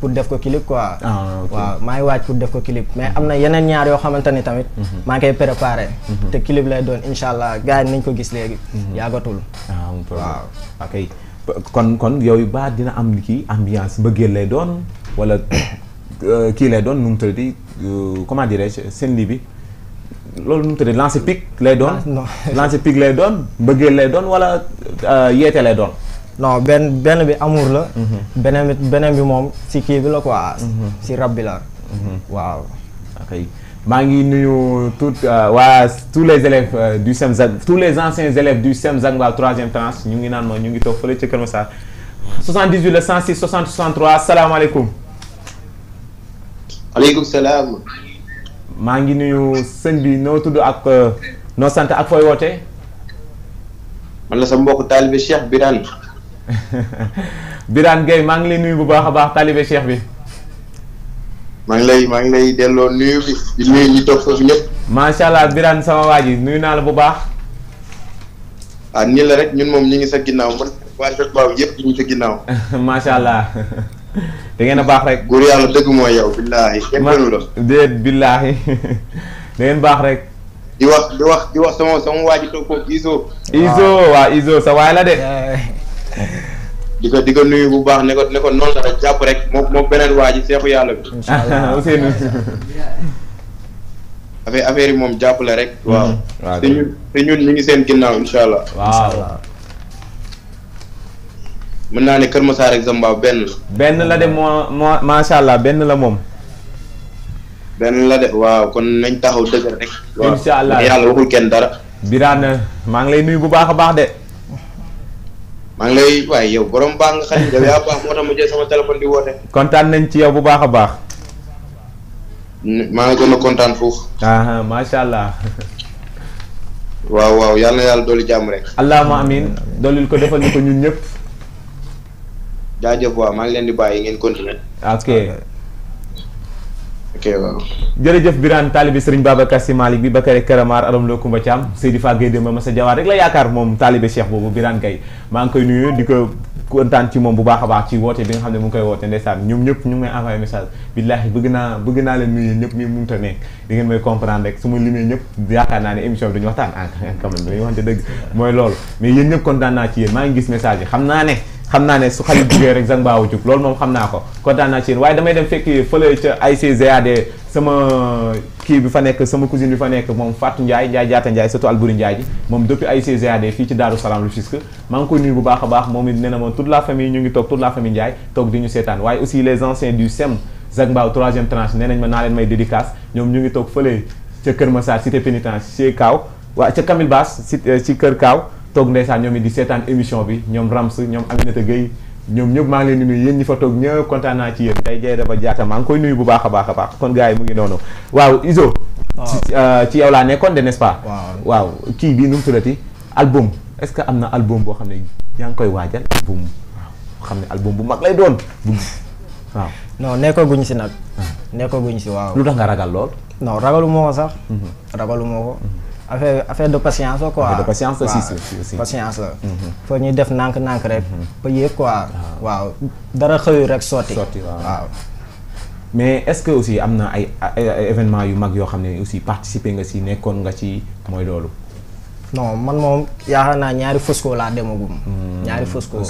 pour def ko clip quoi. Ah, waaw maa ngi waaj pour def ko clip. mais am na yeneen ñaar yoo xamante ni tamit. Mhm. maa ngi préparé. Mhm. te clip lay doon incha allah gars yi nañ ko gis léegi. Mhm. yàggatul. Ah, waaw ok kon kon yow ba dina am kii ambiance bëggee lay doon wala euh, kii lay doon nu mu tëddee euh, comment dirais-je seen bi. loolu nu mu tëddee lancer pic lay doon. Ah, lance pic lay doon bëggee lay doon wala euh, yeete lay doon. non benn benn bi amur la. Mhm. beneen bi beneen bi moom si kii bi la quoi. Mhm. si rab bi la. Mhm. waaw. ok maa ngi nuyu tout euh, waa tous les élèves euh, du SEMZAC tous les anciens élèves du SEMZAC waa troisième tranche ñu ngi naan ma ñu ngi toog fële ca Kër Massar. 78 la 106 60 63 salaamaaleykum. maaleykum salaam. maa ngi nuyu sëñ bi noo tudd ak euh, noo sant ak fooy woote man la sa mbokk taalibe Cheikh Birane. Birane gay maa ngi lay nuyu bu baax a baax taalibe Cheikh bi. maa ngi lay maa ngi lay delloo nuyu bi di nuyu ñi toog foofu ñëpp. macha allah Birane sama waa yi nuyu naa la bu baax. ah nii la rek ñun moom ñu ngi sa ginnaaw man waa Jot Baaw yëpp ñu ginnaaw. macha allah. da a baax rek. góor yàlla dëgg mooy yow. billaahi kenn billaahi da baax rek. di wax di wax di wax sama sama waa ji toog foofu Iso. Iso ah. waaw Iso sa waay la de. di ko di ko nuyu bu baax ne ko ne ko noonu la rek jàpp rek moom moo beneen waa ji seexu yàlla bi. affaire affaire yi moom jàppale rek. Mm-hmm. waaw te ñun te ñun ñu ngi seen ginnaaw incha allah. waaw. naa ne Kër Masar ak Zamba benn la. benn la de moo moo macha allah benn la moom. benn la de waaw kon nañ taxaw dëgg rek. incha waxul kenn dara. Birane maa ngi lay nuyu bu baax a baax de. maa ngi lay waaye yow borom baax nga xam yow yaa baax moo tax ma jël sama téléphone di woote. kontaan nañ ci yow bu baax a baax. maa ngi gën a kontaan foofu. macha allah. waaw waaw yàlla na yàlla dolli jàmm rek. allahumma amin dollil ko defal ñu ko ñun ñëpp. jaajëf waaw maa ngi leen di bàyyi ngeen continuer. ok. ok waaw. jërëjëf Birane taalibe Serigne Babacar Sy Malick bi Bakary Karamar Aram Lo Kumba Thiam Seydi Fa Gueye Demba Massa Diawar rek la yaakaar moom taalibe Cheikh boobu Birane Gaye maa ngi koy nuyu di ko kontaan ci moom bu baax a baax ci woote bi nga xam ne mu ngi koy woote ndeysaan ñoom ñëpp ñu may envoyé message billaahi bëgg naa bëgg naa leen nuyu ñëpp mi mënut a nekk di ngeen may comprendre rek su ma limee ñëpp yaakaar naa ne émission bi dañu waxtaan ah, xam naa ne su xale jugee rek zang a jug loolu moom xam naa ko kontaan naa ci yéen waaye damay dem fekki fële ca ICZAD sama kii bi fa nekk sama cousine bi fa nekk moom Fatou Ndiaye Ndiaye Diatta Ndiaye surtout Albouri Ndiaye ji moom depuis ICZAD fii ci Daaru Salaam Rufisque maa ngi koy nuyu bu baax a baax moom it nee na moom toute la famille ñu ngi toog toute la famille Ndiaye toog di ñu seetaan waaye aussi les anciens du SEM Zag Mbaaw troisième tranche nee ñu ngi toog fële ca Kër Massar cité pénitence chez Kaaw waa ca Camille Bass ci kër Kaaw toog ndeysaan ñoom it di seetaan émission bi ñoom Rams ñoom Aminata Gueye ñoom ñëpp maa ngi leen ñi fa toog ñëpp kontaan naa ci yéen tey jay dafa jaata maa ngi koy nuyu baax baax a baax kon gars yi waaw Izo euh, ci yow nekkoon de n'est-ce pas waaw kii bii nu mu tuddati album est-ce que am na album boo xam ne yaa ngi koy waajal album xam ne album bu mag lay doon bu waaw non nekkaguñ si nag ah. nekkaguñ si waaw lu tax nga ragal lool non ragalu moo ko sax mhm. ragalu moo ko mhm. affaire affaire de patience la quoi. de patience aussi si patience la. foo ñuy def nànk nànk rek. Mm-hmm. ba yéeg quoi. Ah. waaw dara xëyu rek sotti. waaw. mais est-ce que aussi am na ay événement yu mag yoo xam ne aussi participer nga si nekkoon nga ci mooy loolu. non man moom yaakaar naa ñaari fosco laa demagum. Hmm, ñaari fosco.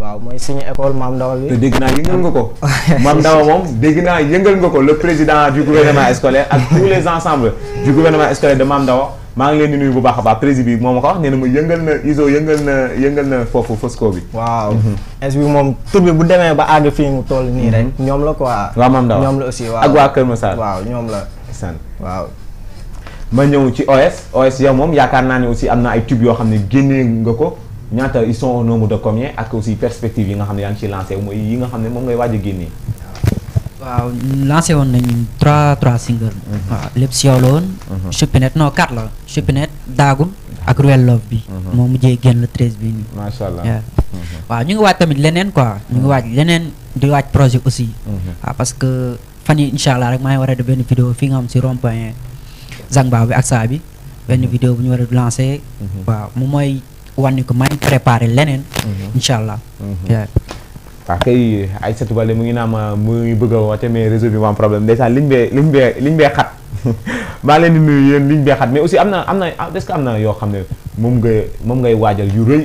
waaw mooy suñu école maam Ndawa bi. dégg naa yëngal nga ko maam Ndawa moom dégg naa yëngal nga ko le président du gouvernement scolaire ak tous les ensembles du gouvernement scolaire de maam Ndawa maa ngi leen di nuyu bu baax a baax président bi moo ma ko wax nee na ma yëngal na ISO yëngal na yëngal na foofu fosco bi. waaw mhm. est moom tur bu demee ba àgg fii mu toll nii rek. Mhm. ñoom la ko waaw maam Ndawa ñoom la aussi waaw ak waa Kër Massar. waaw ñoom la. waaw. ma ñew ci OS OS yow mom yaakar na ni aussi amna ay tube yo xam ne nga ko ñaata ils sont au nombre de combien ak aussi perspective yi nga xam yaang ci lancer moy yi nga xam mom ngay waaj a waaw lancer won nañ 3 3 single waaw lepp ci yow la woon mhm. chupinet non quatre la ak ruel love bi mom mu jey gën le 13 bi nii macha allah mhm. waaw ñu ngi waaj tamit leneen quoi ñu ngi mhm. waaj leneen di waaj projet aussi waaw parce que fani inshallah rek may wara de ben vidéo fi nga am ci rond point Zangba bi ak saa bi benn mhm. vidéo bu ñu war a lancé. Mhm. waaw mu mooy wan ko maa ngi leneen. Mhm. incha allah. waaw kay Aïssatou Baldé mu ngi naan ma mu ngi bëgg a woote mais réseau bi mu am problème ndeysaan liñ bee liñ bee liñ bee xat maa leen di nuyu yéen liñ bee xat mais aussi am na am na est-ce am na yoo xam ne moom nga moom ngay waajal yu rëy.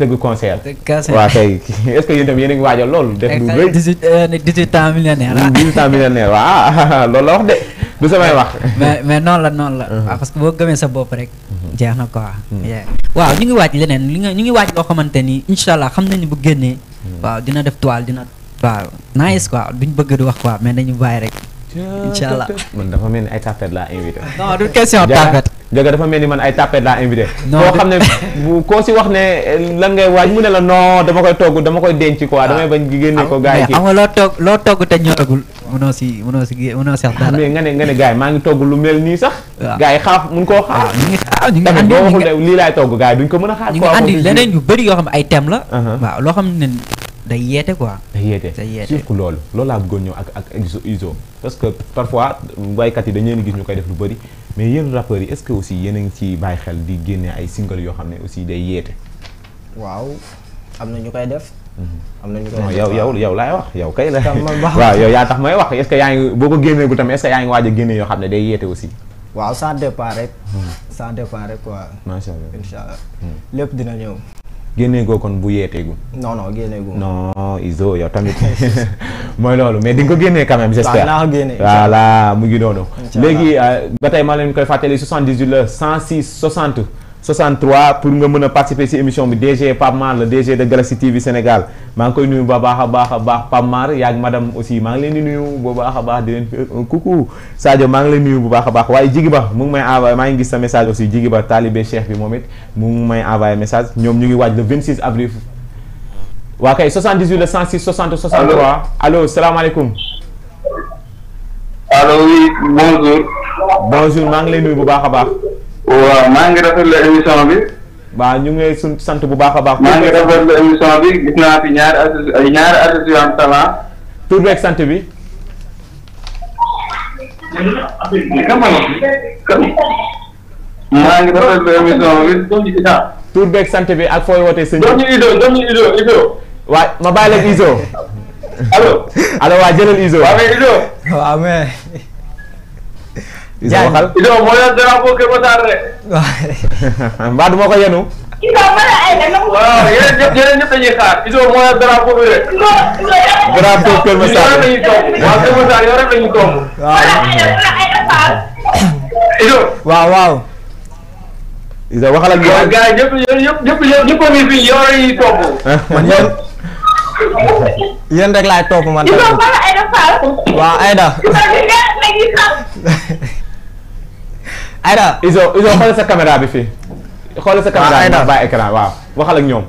tëgg concert. waaw kay est-ce que yéen tam a ngi waajal loolu. def lu rëy 18 18 ans millionnaire ah. 18 ans millionnaire waaw loolu la wax de du samay wax. mais mais la noonu la. waaw parce boo gëmee sa bopp rek. jeex na quoi. waaw ñu ngi waaj leneen li nga ñu ngi waaj loo xamante ni incha allah xam nañu bu génnee. waaw dina def toile dina. waaw nice quoi duñ bëgg di wax quoi mais dañu bàyyi rek. incha allah man dafa mel ni ay tapet laa invité. non du question tapet. Jaga dafa mel ni man ay tapet laa invité. non xam ne bu koo si wax ne lan ngay waaj mu ne la non dama koy togg dama koy denc quoi damay bañ génne ko. gars yi kii ah, xam nga loo togg te togg te ñoragul. mënoo si mënoo si mënoo seex dara. Ah, mais nga ne nga ne gars yi maa ngi togg lu mel nii sax. waaw gars yi xaaf mun koo xaar. Ah, ñu ngi xaar ñu ngi andi tamit lii laay togg gars duñ ko mën a xaar. ñu ngi andi leneen yu bëri yoo xam ay thème la. Uh-huh. waaw loo xam ne. day yeete quoi. day yeete day yeete surtout loolu. loolu laa bëggoon ñëw ak ak iso parce que parfois waykat yi dañu leen gis ñu koy def lu bëri mais yéen rappeurs yi est-ce que aussi yéen a ngi ciy bàyyi xel di génne ay yoo xam ne aussi day yeete. waaw am na ñu koy def. Mhm. am na ñu koy def yow yow yow laay wax yow kay la. waaw yow yaa tax may wax est-ce yaa ngi boo ko génnee gu tamit est-ce que yaa ngi waaj a yoo xam ne day yeete aussi. waaw sans départ rek. sans mhm. départ rek quoi. macha allah incha mhm. lépp dina ñëw. génnee goo kon bu yeeteegul. non non génnee gu non Izo yow tamit mooy loolu mais di nga ko génnee a même. j'espère waaw voilà mu ngi noonu. léegi euh, ba tey maa leen koy fàttali 78 la 106 60. 63 pour nga mën a participer ci émission bi DG Pape Mar la DG de Galaxy TV Sénégal maa ngi koy nuyu ba baax a baax a baax Pape Mar yaag madame aussi maa ngi leen di nuyu bu baax a baax di leen euh, coucou Sadio maa ngi leen nuyu bu baax a baax waaye Jigi Ba mu ngi may envoyé maa ngi gis sa message aussi Jigi Ba taalibe cheikh bi moom it mu ngi may envoyé message ñoom ñu ngi waaj le 26 avril waa kay 78 le 106 60 63 allo salaamaaleykum allo oui maa ngi lay nuyu bu baax a baax waaw maa ngi rafetlu émission bi. waaw ñu ngi lay sun sant bu baax a baax. maa ngi rafetlu émission bi gis naa fi ñaari artistes ay ñaari artistes yu am talent. tur beeg sant bi. maa ngi rafetlu émission bi. tur beeg sant bi ak fooy wootee sëñ bi. Ido Ido Ido. waaw ma bàyyi leen Izo. allo allo waa jëlal Izo. waaw mais Isa waxal Isa moo yor drapeau Kër Massar de. waaw mbaa du ma ko yenu. Isa mën ay la nangu. waaw yeneen ñëpp yeneen ñëpp dañuy xaar Isa moo yor drapeau bi de. drapeau Kër Massar de ñun yore Kër Massar yore la ñuy tomb. waaw waaw waaw. Isa waxal ak yow. gars yi ñëpp ñëpp ñëpp ñëpp a ngi fi yore yi tomb. man yéen yéen rek laay topp man. Isa mën ay la faal. waaw Aïda. Aïda. iso Izo xoolal sa caméra bi fii. xoolal sa caméra bi bàyyi écran waaw waxal ak ñoom.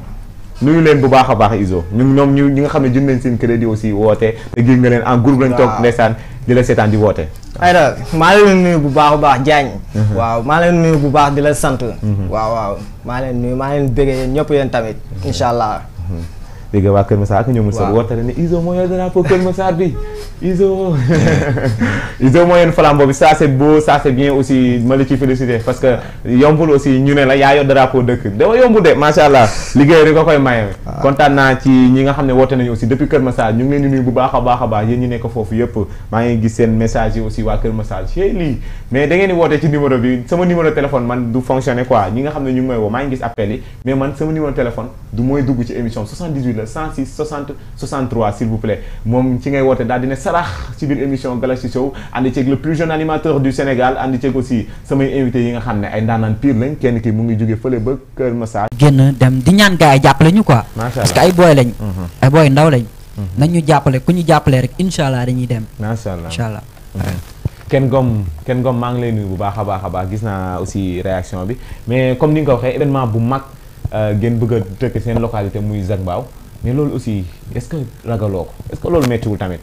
nuyu leen bu baax a baax Izo ñu ñoom ñu ñi nga xam ne jënd nañ seen crédit aussi woote te gis nga leen en groupe lañ toog ndeysaan di la seetaan di woote. Aïda maa leen nuyu bu baax a baax Diagne. Mhm. waaw maa leen nuyu bu baax di la sant. Mhm. waaw waaw maa leen nuyu maa leen bëggee yéen ñëpp yéen tamit mhm. incha allah. dégg nga waa Kër Massar ak ñoom Moussa woote ne Izo moo yor drapeau Kër Massar bi Izo Izo moo ma la ciy félicité parce que yombul aussi ñu ne la yaa yor drapeau dëkk dafa yombul de macha allah liggéey rek nga koy maye ah. kontaan naa ci ñi nga xam ne woote nañu aussi depuis Kër Massar ñu ngi leen di nuyu bu baax a baax a baax yéen ñi nekk foofu yëpp maa ngi gis seen message yi aussi waa Kër Massar chez lii mais da ngeen di ci numéro bi sama le 106 60 63 s'il vous plaît mom ci ngay woté dal dina sarax ci biir émission Galaxy Show ànd ceeg le plus jeune animateur du Sénégal ànd ci aussi sama invité yi nga xamné ay ndanan pire lañ kenn ki mu ngi jóge feulé ba Kër Massar. genn dem di ñaan gaay yi jàppale ñu quoi. parce que ay boy lañ. Mhm. ay boy ndaw lañ. Mhm. nañu jappalé jàppale ku ñu jàppale rek inshallah dañuy dem. macha allah incha allah. gom mhm. ken gom maa ngi lay nuyu bu baakha baakha baax gis na aussi réaction bi mais comme ni nga ko événement bu mag euh, ngeen bëgg a tëkk seen localité muy Zagbaaw. mais loolu aussi est-ce que ragaloo ko est loolu méttiwul tamit.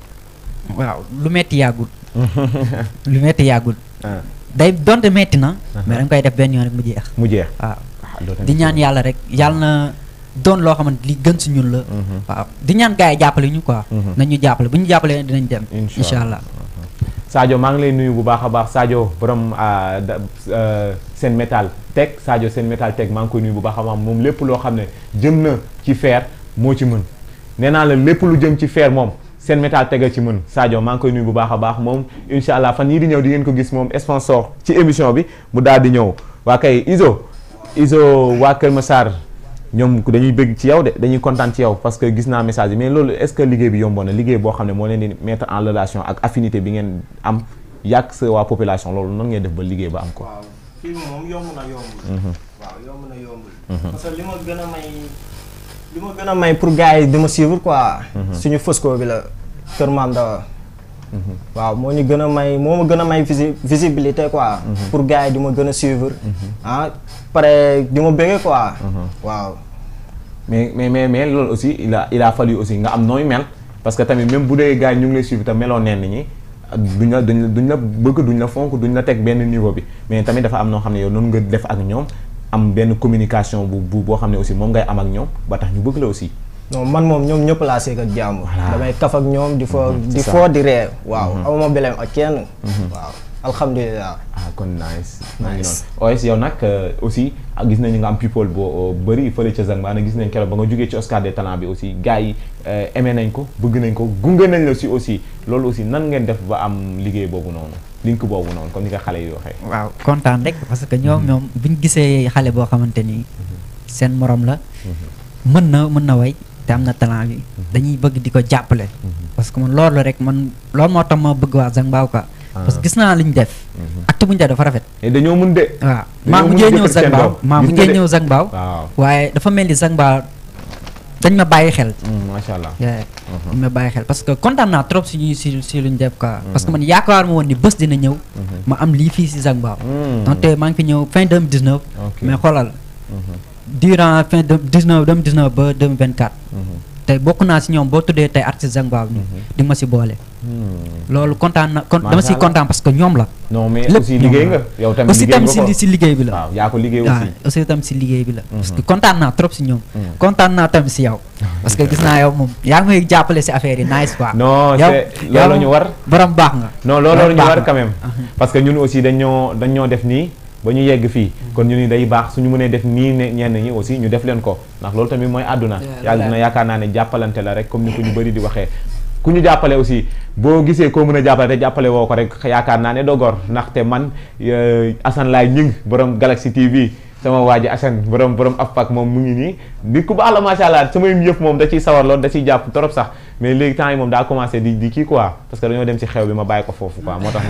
waaw lu métti yàggut. lu métti yàggul ah. day donte métti na. Ah. mais dañ koy def benn yoon rek mu jeex. mu jeex waaw. Ah. di ñaan yàlla rek yàlla na doon loo xamante li gën si ñun la. Mhm. waaw di ñaan gars yi jàppale ñu quoi. Mhm. na ñu jàppale bu ñu jàppalee dinañ dem. incha allah mhm. Sadio maa ngi lay nuyu bu baax a baax Sadio borom euh, seen métal teg saajo seen métal teg maa ngi koy nuyu bu baax a baax moom lépp loo xam ne jëm na ci fer. moo ci mën nee naa la lépp lu jëm ci fer moom seen métal tegal ci mën Sadio maa ngi koy nuyu bu baax a baax moom incha allah fan yii di ñëw di ngeen ko gis moom sponsor ci émission bi mu daal di ñëw waa kay Izo Izo waa Kër Massar ñoom dañuy bëgg ci yow de dañuy kontaan ci yow parce que gis naa message bi mais loolu est-ce que liggéey bi yomboon na liggéey boo xam ne moo leen di mettre en relation ak affinité bi ngeen am yàq sa waa population loolu nan ngeen def ba liggéey am ko. waaw fii moom yomb na yomb. Mhm. waaw yomb li ma gën a may pour gars yi di ma suivre quoi. Mhm. suñu Fosco bi la Kër Maam mhm. waaw moo ñu gën a may moo ma gën a may visi visibilité quoi. Mhm. pour gars yi di ma gën a suivre. ah pare di ma bëggee quoi. waaw. mais mais mais mais loolu aussi il a il a fallu aussi nga am nooy mel parce que tamit même bu dee gars yi ñu ngi la suivre te meloo neen ñi duñ la duñ la duñ la bëgg duñ la fonk duñ la teg benn niveau bi mais tamit dafa am noo xam ne yow noonu nga def ak ñoom. am benn communication bu bu boo xam ne aussi moom ngay am ak ñoom ba tax ñu bëgg la aussi. non man moom ñoom ñëpp laa ak jàmm. damay kaf ak ñoom di fo mm-hmm. di fo di ree mm-hmm. waaw amuma bileem ak kenn. Mm-hmm. waaw alhamdulilah. ah kon nice. nice maa ngi noonu yow nag euh, aussi ah, gis nañu nga am people boo euh, bëri fële ca Zang maanaam gis nañ keroog ba nga jógee ci Oscar des talents bi aussi gars yi euh, aimé nañ ko bëgg nañ ko gunge nañ la si aussi loolu aussi nan ngeen def ba am liggéey boobu noonu. link boobu noonu comme ni nga xale yi waxee. waaw kontaan rek parce que ñoom ñoom mm-hmm. bu ñu gisee xale boo xamante ni mm-hmm. seen moroom la. Mm-hmm. mën na mën na way te am na talent bi. dañuy bëgg di ko jàppale. parce que man loolu rek man loolu moo tax ma bëgg waa Zang Mbaaw quoi. Ah. parce que gis naa li ñu def. acte bu ñu def dafa rafet. Eh, dañoo mën de. waaw maa mujjee ñëw Zang Mbaaw maa mujjee ñëw Zang Mbaaw. waaye dafa mel ni Zang dañ ma bàyyi xel. Mm, macha allah mm-hmm. dañ ma bàyyi xel parce que kontaan naa trop si si si luñ def quoi. Mm-hmm. parce que man yaakaar ma woon ni bés dina ñëw. Mm-hmm. ma am lii fii si Zac Mbao. Mm. donc tey maa ngi fi ñëw fin 2019. mais xoolal. durant fin 19 2019 ba 2024 tey bokku na ci ñom bo tuddé tay artisan baaw Baab mhm. di ma ci bolé hmm. lolu content na dama ci content parce que ñom la. non mais aussi liggéey nga yow tam aussi tam ci ci liggéey bi la. waaw ya ko liggéey aussi aussi tam ci liggéey bi la. Mhm. parce que content na trop ci ñom content mhm. na tam ci yow. parce que gis na yow mom ya nga may jàppale si affaire yi nice quoi. non c'est lolu ñu war borom baax nga. non lolu ñu war quand même. parce que ñun aussi dañ ñoo dañ ñoo def ni ba ñu yegg fii kon ñu ni day baax suñu mënee def nii ne ñenn ñi aussi ñu def leen ko ndax loolu tamit mooy àdduna àdduna yaakaar naa ne jàppalante la rek comme ni ko ñu bëri di waxee ku ñu jàppale aussi boo gisee koo mën a jàppale te jàppale woo ko rek yaakaar naa ne dogor ndaxte man euh, Assane Laye ñing borom Galaxy TV sama waa ji Assane borom borom af pak moom mu ngi nii nit ku baax la macha allah samay yëf moom da ciy sawar lool da ciy jàpp torop sax mais léegi temps yi moom daa commencé di di kii quoi parce que dañoo dem ci xew bi ma bàyyi ko foofu quoi moo tax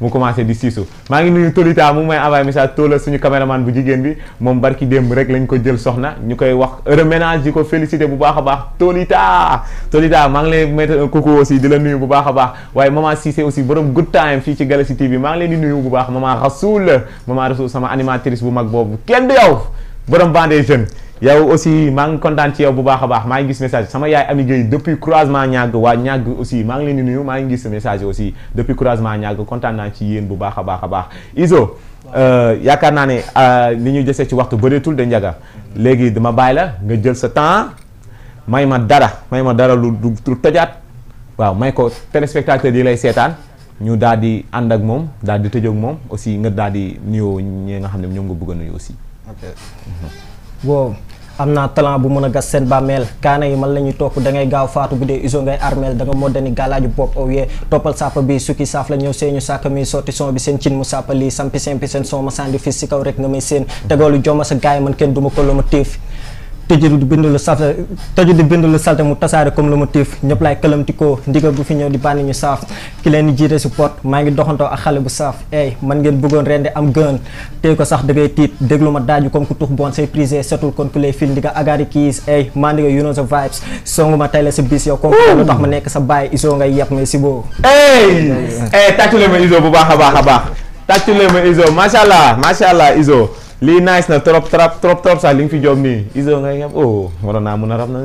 mu commencé di siisu maa ngi nuyu Tolita mu may envoyé message Tola suñu caméraman bu jigéen bi moom barki démb rek lañ ko jël soxna ñu koy wax heureux ménage di ko félicité bu baax a baax Tolita Tolita maa ngi lay mettre un aussi di la nuyu bu baax a baax waaye maman Cissé aussi borom good time fii ci Galaxy TV maa ngi leen di nuyu bu baax maman Rasoul maman sama animatrice bu mag boobu kenn du borom bandee jeune yow aussi maa ngi kontaan ci yow bu baax a baax maa ngi gis message sama yaay Ami Gueye depuis croisement ñàgg waa ñàgg aussi maa ngi leen di nuyu maa ngi gis message aussi depuis croisement ñàgg kontaan naa ci yéen bu baax a baax a baax Izo euh, yaakaar naa ne ni euh, ñu desee ci waxtu bëreetul de njaga léegi dama baay la nga jël sa temps may ma dara may ma dara lu lu tojaat waaw may ko téléspectateur yi lay seetaan ñu daal di ànd ak moom daal di tëjoo moom aussi nga daal di nuyoo ñi nga xam ne ñoom nga bëgg aussi Mhm. wow am na talent bu mën a gas seen bàmmeel kaana yi man la ñuy topp da ngay gaaw faatu bu dee iso ngay armeel da nga moo dani galaaju bopp aw oh yee toppal sàppa bi sukki saaf la ñëw seeñu sàkk mi sotti son bi seen cin mu sàppa lii sampi simpi seen son ma sandi fis si kaw rek nga may seen tegoolu jomma sa gaay man kenn duma ko lu ma téef tëjëru di bind lu salte tëju di bind lu salte mu tasaare comme lomotif ñëpp laay këlamtikoo ndigal bu fi ñëw di bànni ñu saaf ki leen di jiite si pot maa ngi doxantoo ak xale bu saaf ey man ngeen bëggoon rendi am gën tey ko sax da ngay tiit déglu ma daaju comme ku tux bon say prisé setul kon ku lay fil ndi nga agaari kiis ey maa ndiga you know the vibes la sa bis yow comme lu tax ma nekk sa bàyyi iso ngay yepp mais si boo ey ey ma iso bu baax a baax a baax tàccu leen ma iso macha allah macha allah iso lii nice na trop trop trop trop sax li nga fi job nii iso ngay yem oh waroon naa mun a rab na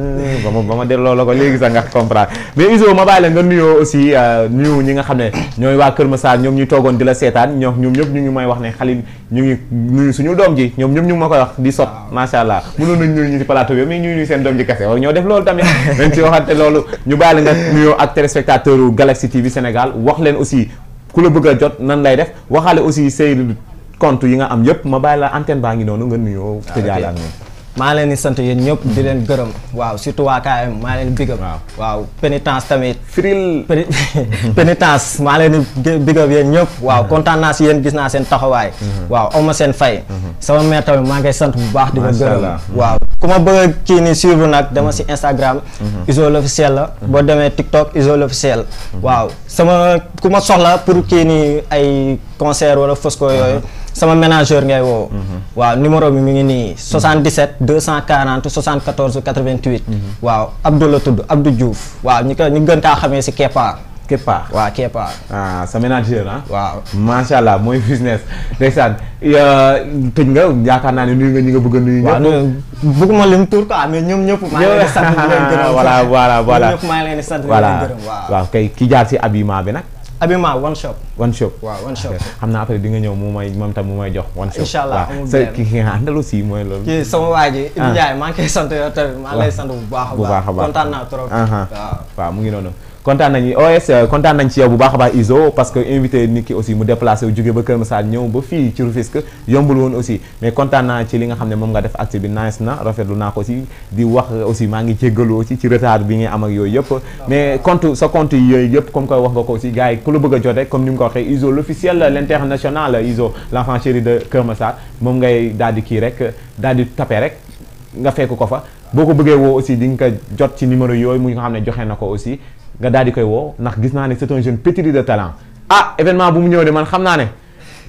ba ma ba ma delloo la ko léegi sax nga comprendre mais iso ma bàyyi la nga nuyoo aussi euh, nuyu ñi nga xam ne ñooy waa Kër Massar ñoom ñu toogoon di la seetaan ñoom ñoom ñëpp ñu ngi may wax ne Khalil ñu ngi suñu doom ji ñoom ñëpp ñu ma koy wax di sot macha allah mënoon nañ nuyu ñu ci plateau bi mais ñuy nuyu seen doom ji kese war ñoo def loolu tamit nañ ci waxante loolu ñu bàyyi la nga ak téléspectateur Galaxy TV Sénégal wax leen aussi ku la bëgg a jot nan lay def waxaale aussi say compte yi nga am yëpp ma bàyyi la antenne baa ngi noonu nga nuyoo ah, te jaale maa leen di sant yéen ñëpp di leen gërëm waaw surtout waa maa leen bigam waaw pénitence tamit firil pénitence maa leen di bigam yéen ñëpp waaw mm-hmm. kontaan naa si yéen gis naa seen taxawaay mm-hmm. waaw am ma seen fay sama mère tamit maa ngay sant bu baax di ko gërëm waaw ku ma bëgg a kii ni suivre nag dama si mm-hmm. Instagram Izo l'officiel la boo demee TikTok Izo l'officiel waaw sama ku ma soxla pour kii ni ay concert wala fosco yooyu sama manager ngay wo waaw numéro bi mi ngi ni 77 240 74 88 waaw Abdou la tudd Abdou Diouf waaw ñi ko ñu gën kaa xamé si Kepa Kepa wa Kepa ah sa manager ah waaw macha allah mooy business iya, ya tëj nga yaaka na ni nuyu nga ñi nga bëgg a nuyu ñëpp bëgguma leen tur quoi mais ñom ñëpp ma lay sant di leen gërëm voilà voilà voilà ñëpp ma lay sant di leen gërëm waaw waaw kay ki jaar ci abima bi nak Abima one shop. one shop waaw one shop. xam naa après di nga ñëw mu may moom tam mu may jox. one shop incha allah amul benn ki nga àndal aussi mooy loolu. kii sama waa ji. Ah. Ibi Ndiaye maa ngi koy sant yow tamit. maa ngi bu baax a baax bu baax a baax kontaan naa trop. waaw waaw mu ngi noonu. kontaan nañu OS euh, kontaan nañ ci yow bu baax a baax ISO parce que invité nit ki aussi mu déplacé wu jóge ba Kër ñëw ba fii ci Rufisque yombul woon aussi mais kontaan naa ci li nga xam ne moom nga def acte nice na rafetlu naa ko aussi di wax aussi maa ngi jéggalu aussi ci retard bi nga am yooyu yëpp mais compte sa compte yooyu yëpp comme koy wax nga ko aussi gars ku la bëgg a jotee comme ni mu ko waxee ISO l'officiel l'international ISO l'enfant chéri de boo ko bëggee woo aussi di nga ko jot ci nga daal di koy woo ndax gis naa ne c'est un jeune pétri de talent ah événement bu mu ñëw de man xam naa ne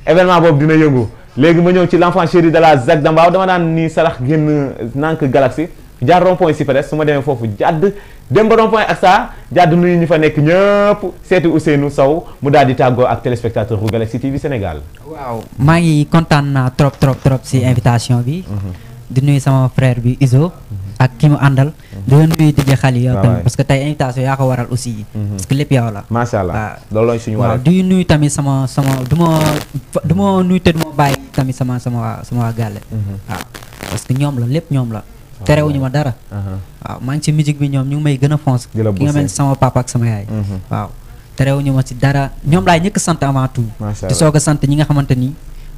événement boobu dina yëngu léegi ma ñëw ci l'enfant chérie de la ZAC de dama daan ni sarax génn nank Galaxy jaar rond point Sipres su ma demee foofu jàdd dem ba rond point ak saa jàdd nuyu ñu fa nekk ñëpp seeti Ousseynou Sow mu daal di tàggoo ak téléspectateur bu Galaxy TV Sénégal. waaw maa ngi kontaan naa trop trop trop si invitation bi. Mhm. di nuyu sama frère bi Iso. Mhm. ak ki mu andal mhm. di ñu nuyu di jeexal yi yow tamit parce que tay invitation ya ko waral aussi mhm. parce que lepp yow la ma sha allah loolu suñu waral di nuyu tamit sama sama du ma du ma nuyu te du bay bàyyi tamit sama sama sama waa gàlle mhm. parce que ñom la lepp ñom la téré wuñu ma dara waaw ma ngi ci musique bi ñom ñu may gëna fonce ki nga mel sama papa ak sama yaay waaw wuñu ma ci dara ñom lay ñëk sante avant tout di soga sante ñi nga xamanteni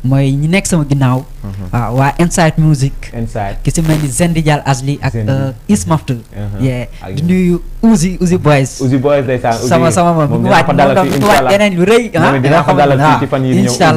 mooy ñi nekk sama ginnaaw. waaw mhm. ah, waa Inside Music. Inside ki si mel ni Zendi Dial Asli ak euh, Ismaftu. Uh-huh. yee di nuyu. Uzi Uzi Boys. Uzi Boys ndeysaan eh, Uzi sama sama moom moom dinaa ko dalal fii incha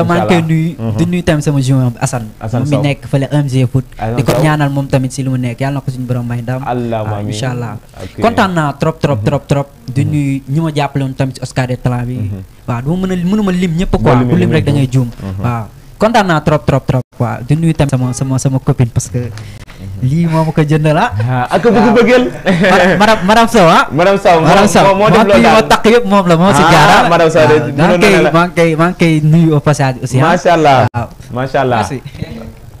moom tamit sama jumeau Assane. Assane Sow nekk fële 1G foot. di ko ñaanal moom si li mu nekk yàlla na ko suñu borom may ndam. allahumma amiin trop trop mhm. trop trop. di mhm. nuyu ñi ma jàppale woon tamit si Oscar des talents bi. Mhm. waaw du ma mën a mënuma lim ñëpp quoi. bu lim rek da ngay juum waaw Kau nak trop trop trop Wah, dunia time sama sama semua kau pas ke lima muka jendela ha, aku pergi pergi marah marah sah ah marah sah marah sah mati mau takyub mau belum mau ha, sejarah marah sah mangkei mangkei mangkei new apa sih ah, ah? masya allah ah, masya allah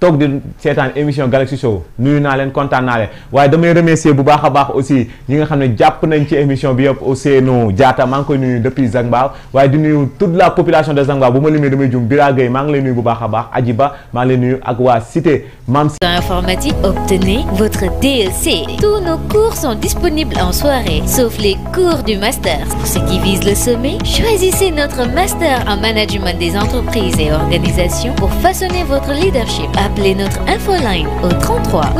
toog di seetaan émission Galaxy Show nuyu naa leen kontaan naa leen waaye damay remercier bu baax a baax aussi ñi nga xam ne jàpp nañ ci émission bi yëpp Ousseynou Diatta maa ngi koy nuyu depuis Zangba waaye di nuyu toute la population de Zangba bu ma limee damay jum Bira gay maa ngi lay nuyu bu baax a baax Adji Ba maa ngi lay nuyu ak waa Cité Mam. informatique obtenez votre DEC tous nos cours sont disponibles en soirée sauf les cours du master pour ceux qui visent le sommet choisissez notre master en management des entreprises et organisations pour façonner votre leadership. Appelez notre infoline au 33